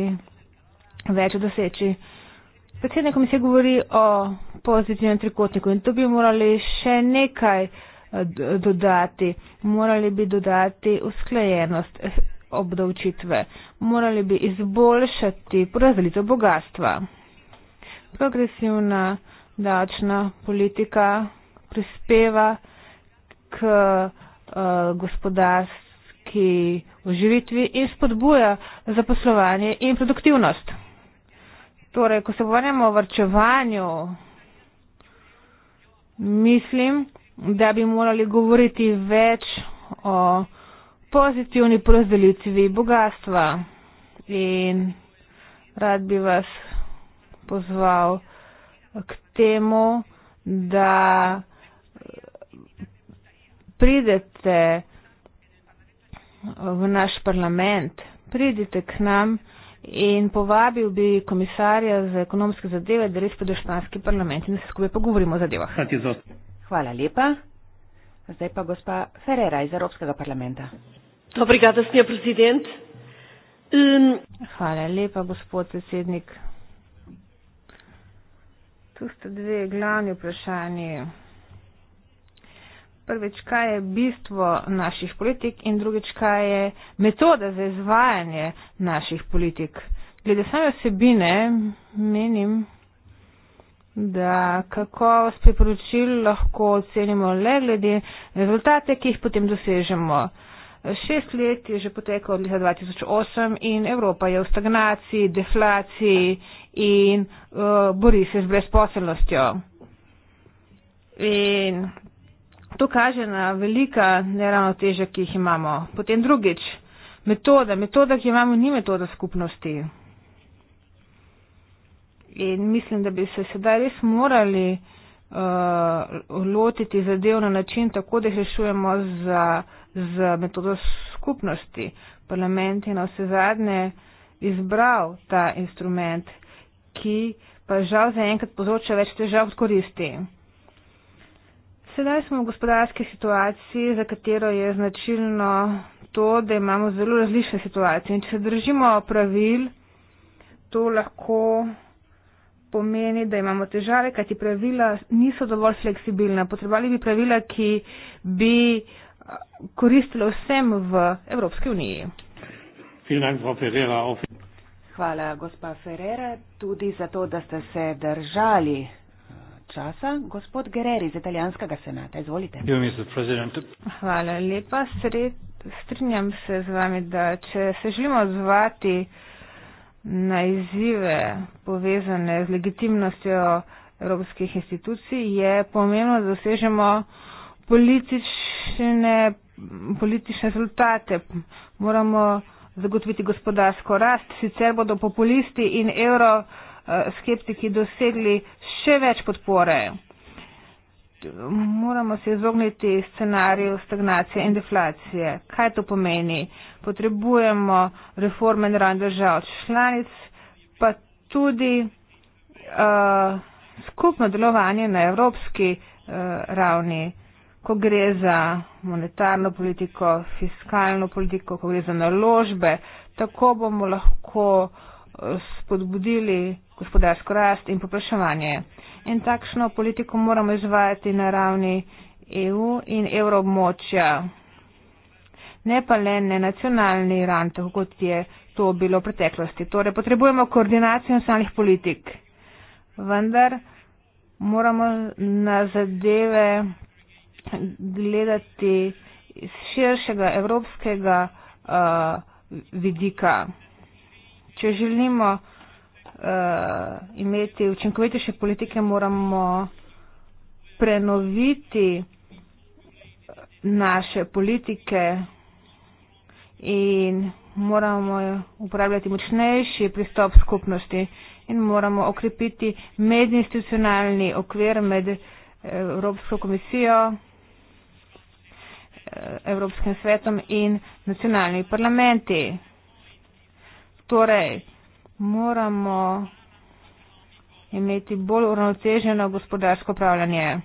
več doseči. Predsednik komisije govori o pozitivnem trikotniku in tu bi morali še nekaj eh, dodati. Morali bi dodati usklajenost eh, obdavčitve. Morali bi izboljšati porazdelitev bogatstva. Progresivna davčna politika prispeva k uh, gospodarski oživitvi in spodbuja zaposlovanje in produktivnost. Torej, ko se pogovarjamo o vrčevanju, mislim, da bi morali govoriti več o pozitivni porazdelitvi bogatstva. In rad bi vas pozval k temu, da pridete v naš parlament, pridite k nam in povabil bi komisarja za ekonomske zadeve, da res pridete v španski parlament in da se skupaj pogovorimo o zadevah. Hvala lepa. Zdaj pa gospa Ferrera iz Evropskega parlamenta. Dobrigada, snje predsednik. Um. Hvala lepa, gospod predsednik. Tu ste dve glavni vprašanje prvič, kaj je bistvo naših politik in drugič, kaj je metoda za izvajanje naših politik. Glede same osebine, menim, da kakovost priporočil lahko ocenimo le glede rezultate, ki jih potem dosežemo. Šest let je že potekalo od leta 2008 in Evropa je v stagnaciji, deflaciji in uh, bori se z brezposelnostjo. In To kaže na velika neravnoteža, ki jih imamo. Potem drugič, metoda. Metoda, ki jo imamo, ni metoda skupnosti. In mislim, da bi se sedaj res morali uh, lotiti zadev na način, tako da jih rešujemo z, z metodo skupnosti. Parlament je na vse zadnje izbral ta instrument, ki pa žal za enkrat povzroča več težav od koristi sedaj smo v gospodarski situaciji, za katero je značilno to, da imamo zelo različne situacije. In če se držimo pravil, to lahko pomeni, da imamo težave, kajti pravila niso dovolj fleksibilna. Potrebali bi pravila, ki bi koristila vsem v Evropski uniji. Hvala, gospa Ferrera, tudi za to, da ste se držali časa. Gospod Gerer iz italijanskega senata, izvolite. Hvala lepa. Sred, strinjam se z vami, da če se želimo odzvati na izzive povezane z legitimnostjo evropskih institucij, je pomembno, da dosežemo politične, politične rezultate. Moramo zagotoviti gospodarsko rast, sicer bodo populisti in evro Eh, skeptiki dosegli še več podpore. Moramo se izogniti scenariju stagnacije in deflacije. Kaj to pomeni? Potrebujemo reforme na ravni držav članic, pa tudi uh, skupno delovanje na evropski uh, ravni, ko gre za monetarno politiko, fiskalno politiko, ko gre za naložbe. Tako bomo lahko uh, spodbudili gospodarsko rast in popraševanje. In takšno politiko moramo izvajati na ravni EU in evroobmočja, ne pa le na nacionalni ravni, tako kot je to bilo v preteklosti. Torej, potrebujemo koordinacijo nacionalnih politik, vendar moramo na zadeve gledati iz širšega evropskega uh, vidika če želimo uh, imeti učinkovitejše politike, moramo prenoviti eh, naše politike in moramo uporabljati močnejši pristop skupnosti in moramo okrepiti medinstitucionalni okvir med eh, Evropsko komisijo, Evropskim svetom in nacionalnimi parlamenti. Torej, moramo imeti bolj uravnoteženo gospodarsko upravljanje.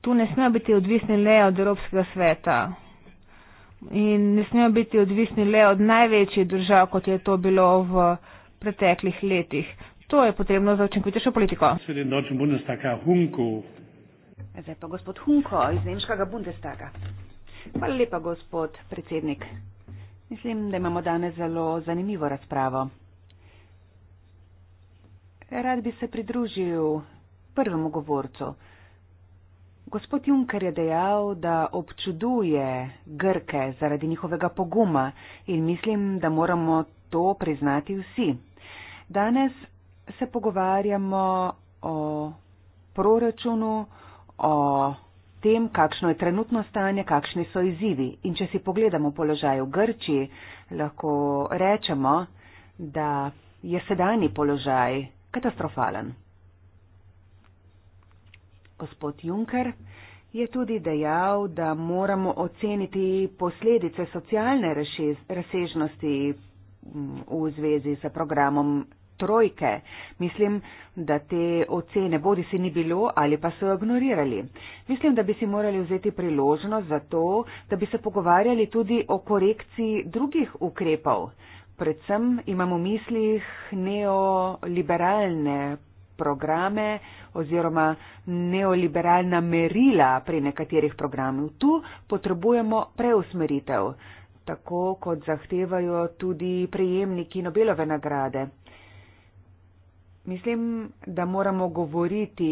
Tu ne smejo biti odvisni le od Evropskega sveta in ne smejo biti odvisni le od največjih držav, kot je to bilo v preteklih letih. To je potrebno za učinkovitejšo politiko. Zdaj pa gospod Hunko iz Nemškega Bundestaga. Hvala lepa, gospod predsednik. Mislim, da imamo danes zelo zanimivo razpravo. Rad bi se pridružil prvemu govorcu. Gospod Juncker je dejal, da občuduje Grke zaradi njihovega poguma in mislim, da moramo to priznati vsi. Danes se pogovarjamo o proračunu, o tem, kakšno je trenutno stanje, kakšni so izzivi. In če si pogledamo položaj v Grčiji, lahko rečemo, da je sedajni položaj katastrofalen. Gospod Juncker je tudi dejal, da moramo oceniti posledice socialne razsežnosti mm, v zvezi s programom trojke. Mislim, da te ocene bodi si ni bilo ali pa so jo ignorirali. Mislim, da bi si morali vzeti priložnost za to, da bi se pogovarjali tudi o korekciji drugih ukrepov. Predvsem imamo v mislih neoliberalne programe oziroma neoliberalna merila pri nekaterih programih. Tu potrebujemo preusmeritev, tako kot zahtevajo tudi prejemniki Nobelove nagrade. Mislim, da moramo govoriti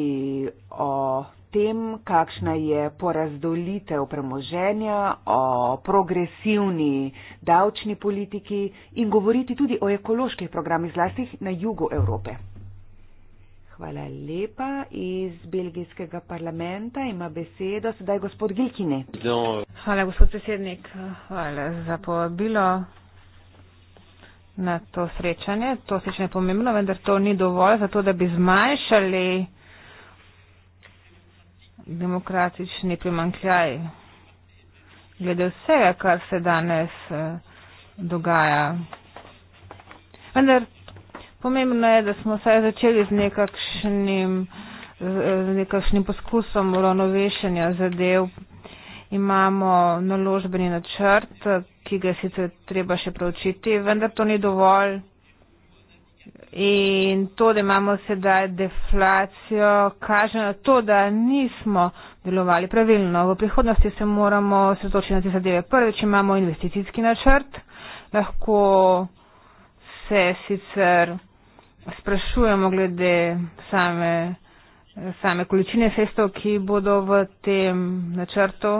o tem, kakšna je porazdolitev premoženja, o progresivni davčni politiki in govoriti tudi o ekoloških programih zlasti na jugu Evrope. Hvala lepa. Iz belgijskega parlamenta ima besedo sedaj gospod Gilkine. Hvala, gospod predsednik. Hvala za povabilo na to srečanje. To srečanje je pomembno, vendar to ni dovolj za to, da bi zmanjšali demokratični primankljaj. Glede vsega, kar se danes eh, dogaja. Vendar pomembno je, da smo vsaj začeli z nekakšnim, z eh, nekakšnim poskusom uravnovešenja zadev. Imamo naložbeni načrt, ki ga je sicer treba še pravčiti, vendar to ni dovolj. In to, da imamo sedaj deflacijo, kaže na to, da nismo delovali pravilno. V prihodnosti se moramo sredočiti na te zadeve. Prvič imamo investicijski načrt, lahko se sicer sprašujemo glede same, same količine sestov, ki bodo v tem načrtu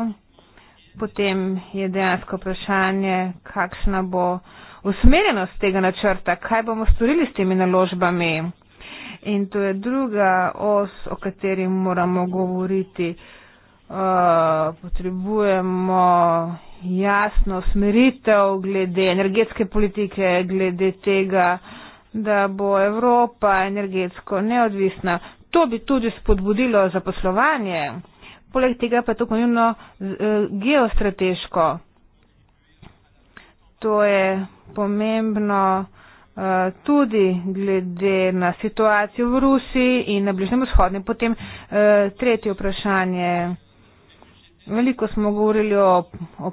potem je dejansko vprašanje, kakšna bo usmerjenost tega načrta, kaj bomo storili s temi naložbami. In to je druga os, o kateri moramo govoriti. Uh, potrebujemo jasno smeritev glede energetske politike, glede tega, da bo Evropa energetsko neodvisna. To bi tudi spodbudilo zaposlovanje poleg tega pa je to pomembno eh, geostrateško. To je pomembno eh, tudi glede na situacijo v Rusiji in na Bližnjem vzhodnem. Potem eh, tretje vprašanje. Veliko smo govorili o, o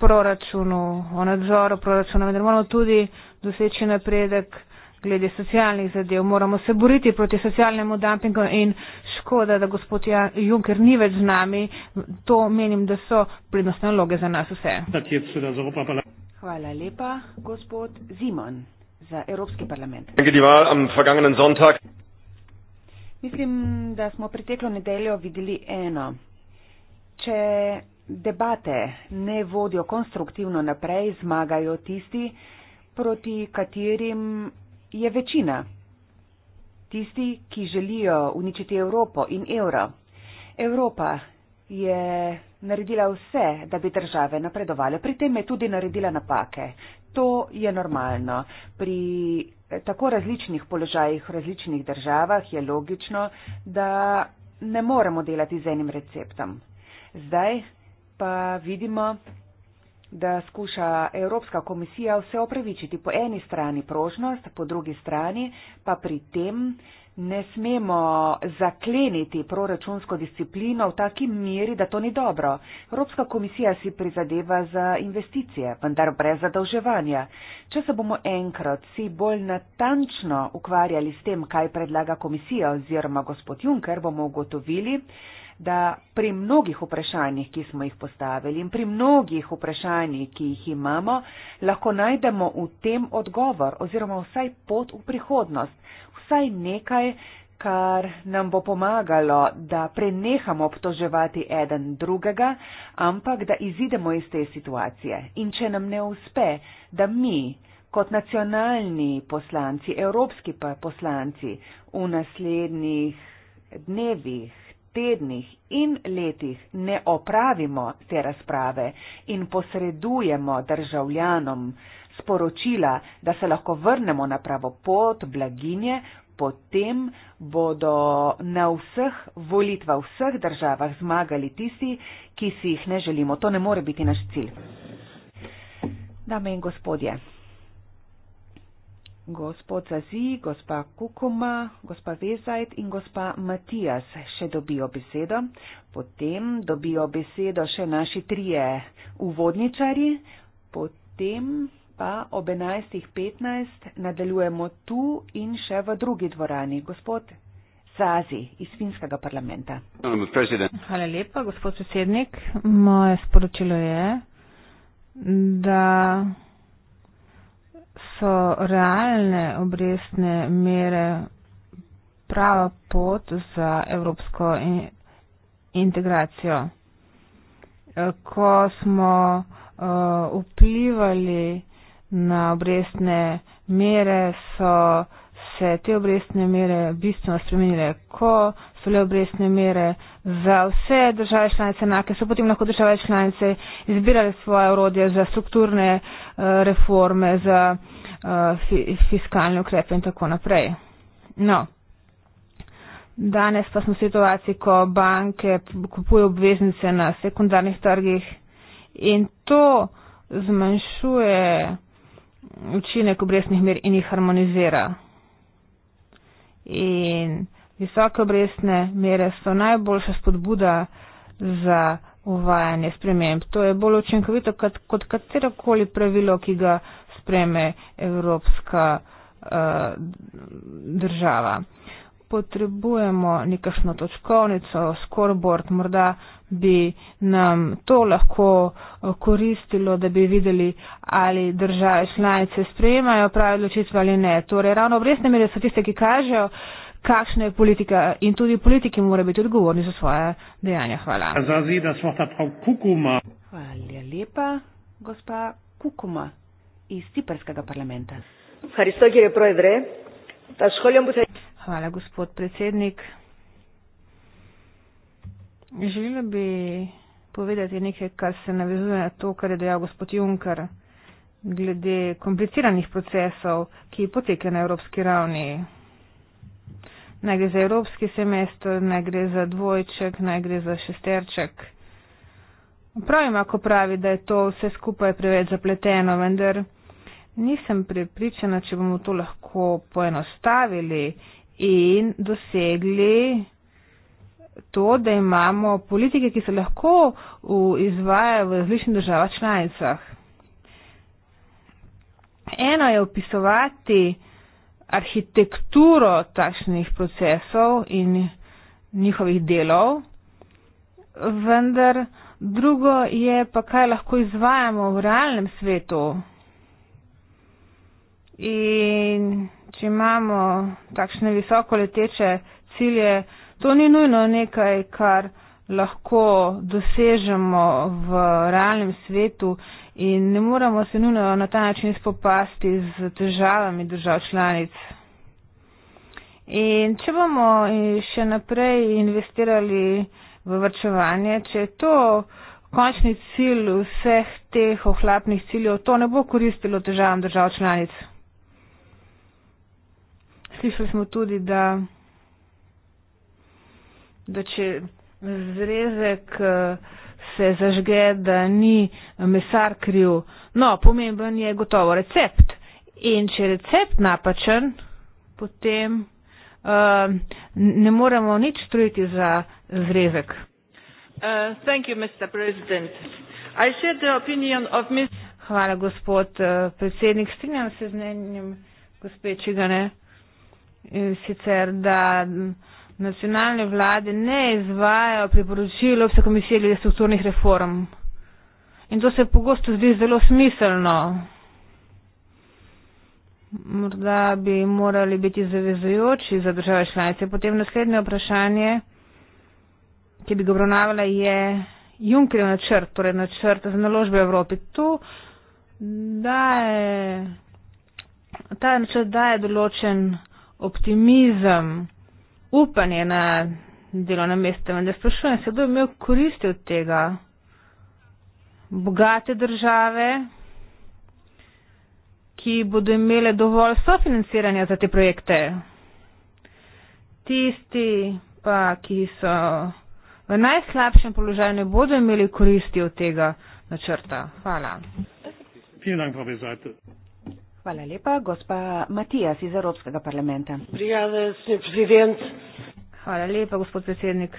proračunu, o nadzoru proračuna, vendar moramo tudi doseči napredek glede socialnih zadev. Moramo se boriti proti socialnemu dumpingu in škoda, da gospod ja, Juncker ni več z nami. To menim, da so prednostne naloge za nas vse. Hvala lepa, gospod Zimon za Evropski parlament. Mislim, da smo preteklo nedeljo videli eno. Če debate ne vodijo konstruktivno naprej, zmagajo tisti, proti katerim je večina tisti, ki želijo uničiti Evropo in evro. Evropa je naredila vse, da bi države napredovale, pri tem je tudi naredila napake. To je normalno. Pri eh, tako različnih položajih v različnih državah je logično, da ne moremo delati z enim receptom. Zdaj pa vidimo, da skuša Evropska komisija vse opravičiti. Po eni strani prožnost, po drugi strani pa pri tem ne smemo zakleniti proračunsko disciplino v taki miri, da to ni dobro. Evropska komisija si prizadeva za investicije, vendar brez zadolževanja. Če se bomo enkrat si bolj natančno ukvarjali s tem, kaj predlaga komisija oziroma gospod Juncker, bomo ugotovili, da pri mnogih vprašanjih, ki smo jih postavili in pri mnogih vprašanjih, ki jih imamo, lahko najdemo v tem odgovor oziroma vsaj pot v prihodnost, vsaj nekaj, kar nam bo pomagalo, da prenehamo obtoževati eden drugega, ampak da izidemo iz te situacije. In če nam ne uspe, da mi kot nacionalni poslanci, evropski poslanci v naslednjih dnevih, tednih in letih ne opravimo te razprave in posredujemo državljanom sporočila, da se lahko vrnemo na pravo pot blaginje, potem bodo na vseh volitvah, v vseh državah zmagali tisti, ki si jih ne želimo. To ne more biti naš cilj. Dame in gospodje gospod Zazi, gospa Kukuma, gospa Vezajt in gospa Matijas še dobijo besedo. Potem dobijo besedo še naši trije uvodničari. Potem pa ob 11.15 nadaljujemo tu in še v drugi dvorani. Gospod Zazi iz Finskega parlamenta. Hvala lepa, gospod predsednik. Moje sporočilo je, da so realne obrestne mere prava pot za evropsko integracijo. E, ko smo e, vplivali na obrestne mere, so se te obrestne mere bistveno spremenile. Ko bile obrestne mere za vse države članice enake, so potem lahko države članice izbirale svoje urodje za strukturne eh, reforme, za eh, fiskalne ukrepe in tako naprej. No. Danes pa smo v situaciji, ko banke kupujejo obveznice na sekundarnih trgih in to zmanjšuje učinek obrestnih mer in jih harmonizira. In Visoke obrestne mere so najboljša spodbuda za uvajanje sprememb. To je bolj učinkovito kot, kot katerokoli pravilo, ki ga spreme Evropska uh, država. Potrebujemo nekakšno točkovnico, scoreboard, morda bi nam to lahko eh, koristilo, da bi videli, ali države članice sprejemajo pravi odločitve ali ne. Torej, ravno obrestne mere so tiste, ki kažejo, uh, kakšna je politika in tudi politiki morajo biti odgovorni za svoje dejanja. Hvala. Hvala lepa, gospa Kukuma iz Ciperskega parlamenta. Hvala, gospod predsednik. Želela bi povedati nekaj, kar se navezuje na to, kar je dejal gospod Juncker glede kompliciranih procesov, ki potekajo na evropski ravni naj gre za evropski semester, naj gre za dvojček, naj gre za šesterček. Pravim, ako pravi, da je to vse skupaj preveč zapleteno, vendar nisem prepričana, če bomo to lahko poenostavili in dosegli to, da imamo politike, ki se lahko izvajajo v različnih državah članicah. Eno je opisovati, arhitekturo takšnih procesov in njihovih delov, vendar drugo je pa, kaj lahko izvajamo v realnem svetu. In če imamo takšne visoko leteče cilje, to ni nujno nekaj, kar lahko dosežemo v realnem svetu in ne moramo se nujno na ta način spopasti z težavami držav članic. In če bomo eh, še naprej investirali v vrčevanje, če je to končni cilj vseh teh ohlapnih ciljev, to ne bo koristilo težavam držav članic. Slišali smo tudi, da, da če zrezek uh, eh, se zažge, da ni mesar kriv. No, pomemben je gotovo recept. In če je recept napačen, potem uh, ne moremo nič trujiti za zrezek. Uh, you, Ms... Hvala, gospod uh, predsednik. Strinjam se z mnenjem gospe Čigane. In sicer, da. Uh, nacionalne vlade ne izvajajo priporočilo vse komisije glede strukturnih reform. In to se pogosto zdi zelo smiselno. Morda bi morali biti zavezujoči za države članice. Potem naslednje vprašanje, ki bi ga obravnavala, je Junckerjev načrt, torej načrt za naložbe v Evropi. Tu daje, ta načrt daje določen optimizem upanje na delovnem mestu. Vendar sprašujem se, kdo je imel koristi od tega? Bogate države, ki bodo imele dovolj sofinanciranja za te projekte. Tisti pa, ki so v najslabšem položaju, ne bodo imeli koristi od tega načrta. Hvala. Hvala, profesor. Hvala lepa. Gospa Matijas iz Evropskega parlamenta. Hvala lepa, gospod predsednik.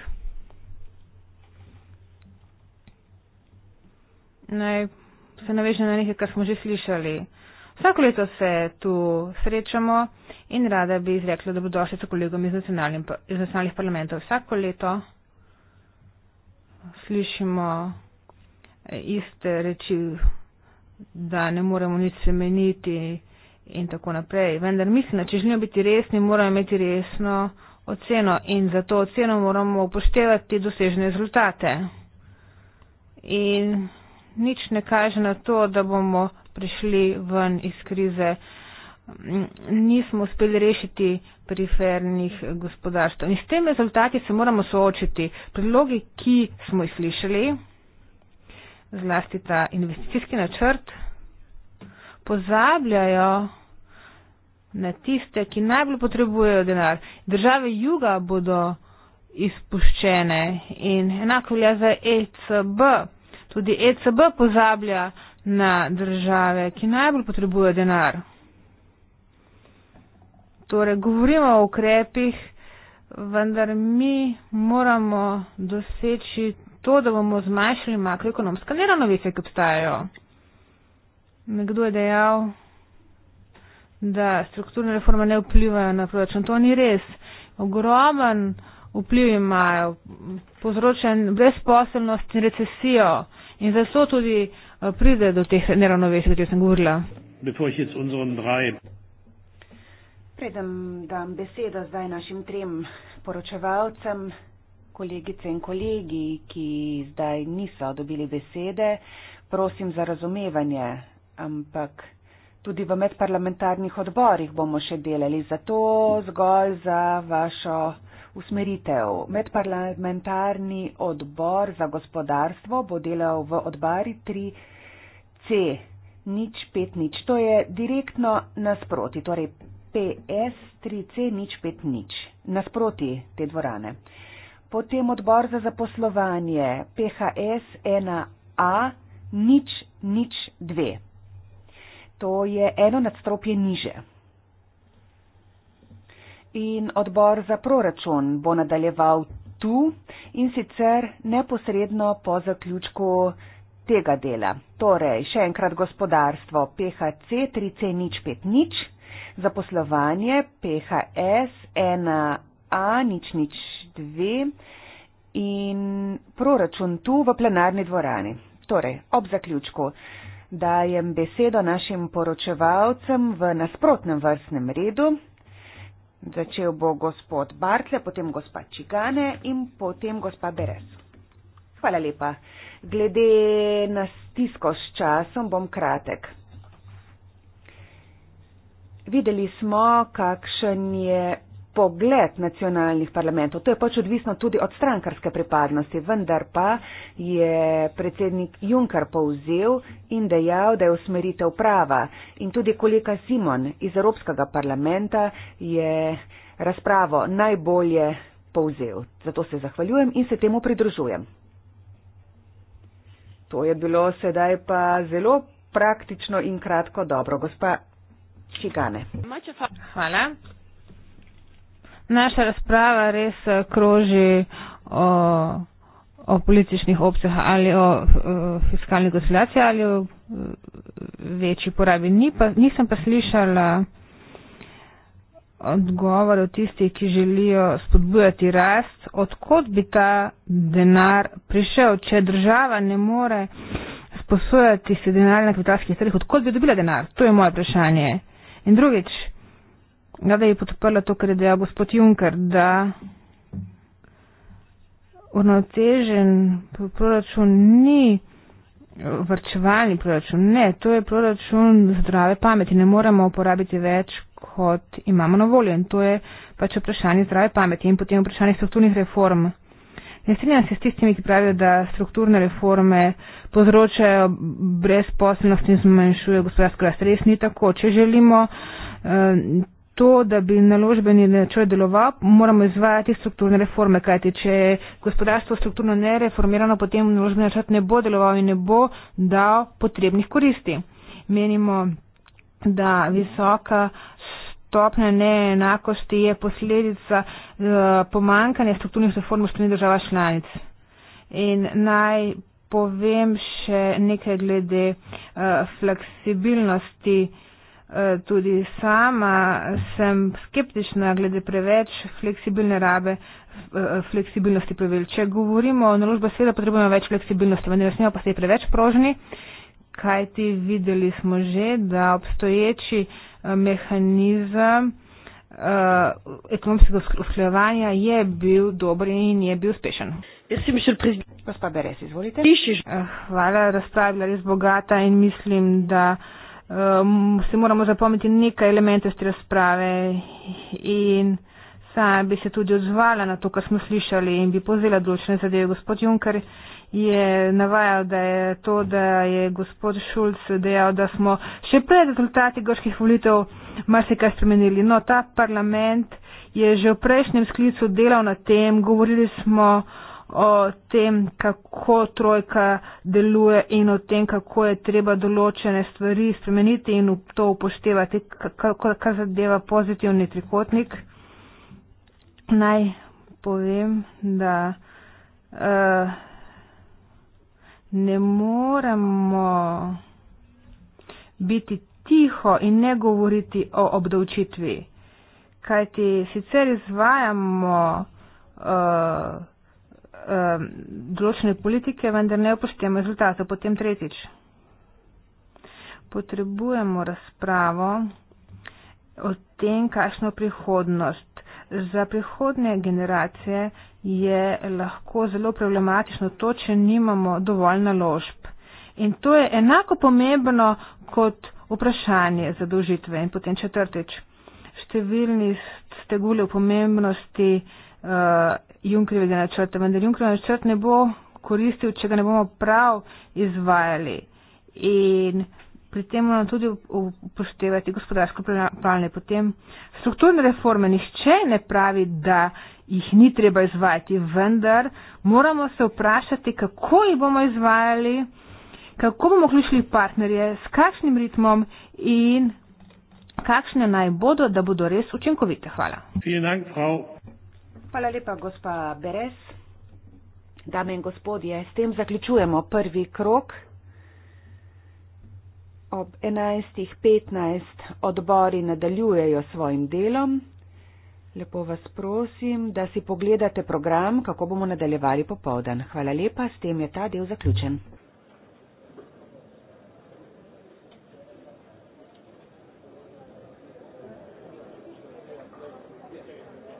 Naj se navežem na nekaj, kar smo že slišali. Vsako leto se tu srečamo in rada bi izrekla, da bo došli s kolegom iz, iz nacionalnih parlamentov. Vsako leto slišimo iste reči da ne moremo nič spremeniti in tako naprej. Vendar mislim, da če želimo biti resni, moramo imeti resno oceno in za to oceno moramo upoštevati dosežene rezultate. In nič ne kaže na to, da bomo prišli ven iz krize. Nismo uspeli rešiti perifernih gospodarstv. In s temi rezultati se moramo soočiti. Predlogi, ki smo jih slišali, zlasti ta investicijski načrt, pozabljajo na tiste, ki najbolj potrebujejo denar. Države juga bodo izpuščene in enako velja za ECB. Tudi ECB pozablja na države, ki najbolj potrebujejo denar. Torej, govorimo o ukrepih, vendar mi moramo doseči to, da bomo zmanjšali makroekonomske neravnovesje, ki obstajajo. Nekdo je dejal, da strukturne reforme ne vplivajo na proračun. To ni res. Ogromen vpliv imajo, povzročen brezposobnost in recesijo. In zato tudi eh, pride do teh neravnovesij, o katerih sem govorila. Predem dam besedo zdaj našim trem poročevalcem, kolegice in kolegi, ki zdaj niso dobili besede, prosim za razumevanje, ampak tudi v medparlamentarnih odborih bomo še delali, zato zgolj za vašo usmeritev. Medparlamentarni odbor za gospodarstvo bo delal v odbari 3C, nič 5 nič, to je direktno nasproti, torej PS 3C, nič 5 nič, nasproti te dvorane potem odbor za zaposlovanje PHS 1A 002. To je eno nadstropje niže. In odbor za proračun bo nadaljeval tu in sicer neposredno po zaključku tega dela. Torej, še enkrat gospodarstvo PHC 3C050, zaposlovanje PHS 1A 002 dve in proračun tu v plenarni dvorani. Torej, ob zaključku dajem besedo našim poročevalcem v nasprotnem vrstnem redu. Začel bo gospod Bartle, potem gospa Čigane in potem gospa Beres. Hvala lepa. Glede na stisko s časom bom kratek. Videli smo, kakšen je pogled nacionalnih parlamentov. To je pač odvisno tudi od strankarske pripadnosti, vendar pa je predsednik Juncker povzel in dejal, da je usmeritev prava. In tudi kolega Simon iz Evropskega parlamenta je razpravo najbolje povzel. Zato se zahvaljujem in se temu pridružujem. To je bilo sedaj pa zelo praktično in kratko dobro. Gospa Čigane. Hvala naša razprava res eh, kroži o, o političnih opcijah ali o, o eh, fiskalni konsolidaciji ali o eh, večji porabi. Ni pa, nisem pa slišala odgovor od tistih, ki želijo spodbujati rast, odkot bi ta denar prišel, če država ne more sposojati se denar na kapitalskih trgih, odkot bi dobila denar? To je moje vprašanje. In drugič, Vlada je podprla to, kar je dejal gospod Juncker, da uravnotežen proračun ni vrčevalni proračun. Ne, to je proračun zdrave pameti. Ne moremo uporabiti več, kot imamo na voljo. In to je pač vprašanje zdrave pameti in potem vprašanje strukturnih reform. Ne strinjam se s tistimi, ki pravijo, da strukturne reforme povzročajo brezposobnost in zmanjšujejo gospodarsko rast. Res ni tako. Če želimo eh, to, da bi naložbeni načrt deloval, moramo izvajati strukturne reforme, kajti če je gospodarstvo strukturno nereformirano, potem naložbeni načrt ne bo deloval in ne bo dal potrebnih koristi. Menimo, da visoka stopnja neenakosti je posledica eh, pomankanja strukturnih reform v strani država članic. In naj povem še nekaj glede uh, fleksibilnosti uh, E, tudi sama sem skeptična glede preveč fleksibilne rabe, e, fleksibilnosti pravil. Če govorimo o naložbah, seveda potrebujemo več fleksibilnosti, vendar ne smemo pa se preveč prožni, kajti videli smo že, da obstoječi e, mehanizem Uh, ekonomskega usklajevanja je bil dober in je bil uspešen. Gospa Beres, izvolite. Hvala, razpravljali smo bogata in mislim, da uh, um, si moramo zapomniti nekaj elementov te razprave in sama bi se tudi odzvala na to, kar smo slišali in bi povzela določene zadeve. Gospod Juncker je navajal, da je to, da je gospod Šulc dejal, da smo še pred rezultati gorskih volitev marsikaj spremenili. No, ta parlament je že v prejšnjem sklicu delal na tem, govorili smo o tem, kako trojka deluje in o tem, kako je treba določene stvari spremeniti in to upoštevati, kar zadeva pozitivni trikotnik. Naj povem, da uh, ne moramo biti tiho in ne govoriti o obdavčitvi, kajti sicer izvajamo uh, um, določene politike, vendar ne upoštevamo rezultatov. Potem tretjič. Potrebujemo razpravo o tem, kakšno prihodnost. Za prihodne generacije je lahko zelo problematično to, če nimamo dovolj naložb. In to je enako pomembno kot vprašanje zadolžitve. In potem četrtič. Številni ste gule v pomembnosti uh, Junkrivega načrta, vendar Junkriv načrt ne bo koristil, če ga ne bomo prav izvajali. In pri tem moramo tudi upoštevati gospodarsko planje. Potem strukturne reforme nišče ne pravi, da jih ni treba izvajati, vendar moramo se vprašati, kako jih bomo izvajali, kako bomo vključili partnerje, s kakšnim ritmom in kakšne naj bodo, da bodo res učinkovite. Hvala. Hvala lepa, gospa Beres. Dame in gospodje, s tem zaključujemo prvi krok. Ob 11.15 odbori nadaljujejo svojim delom. Lepo vas prosim, da si pogledate program, kako bomo nadaljevali popovdan. Hvala lepa, s tem je ta del zaključen.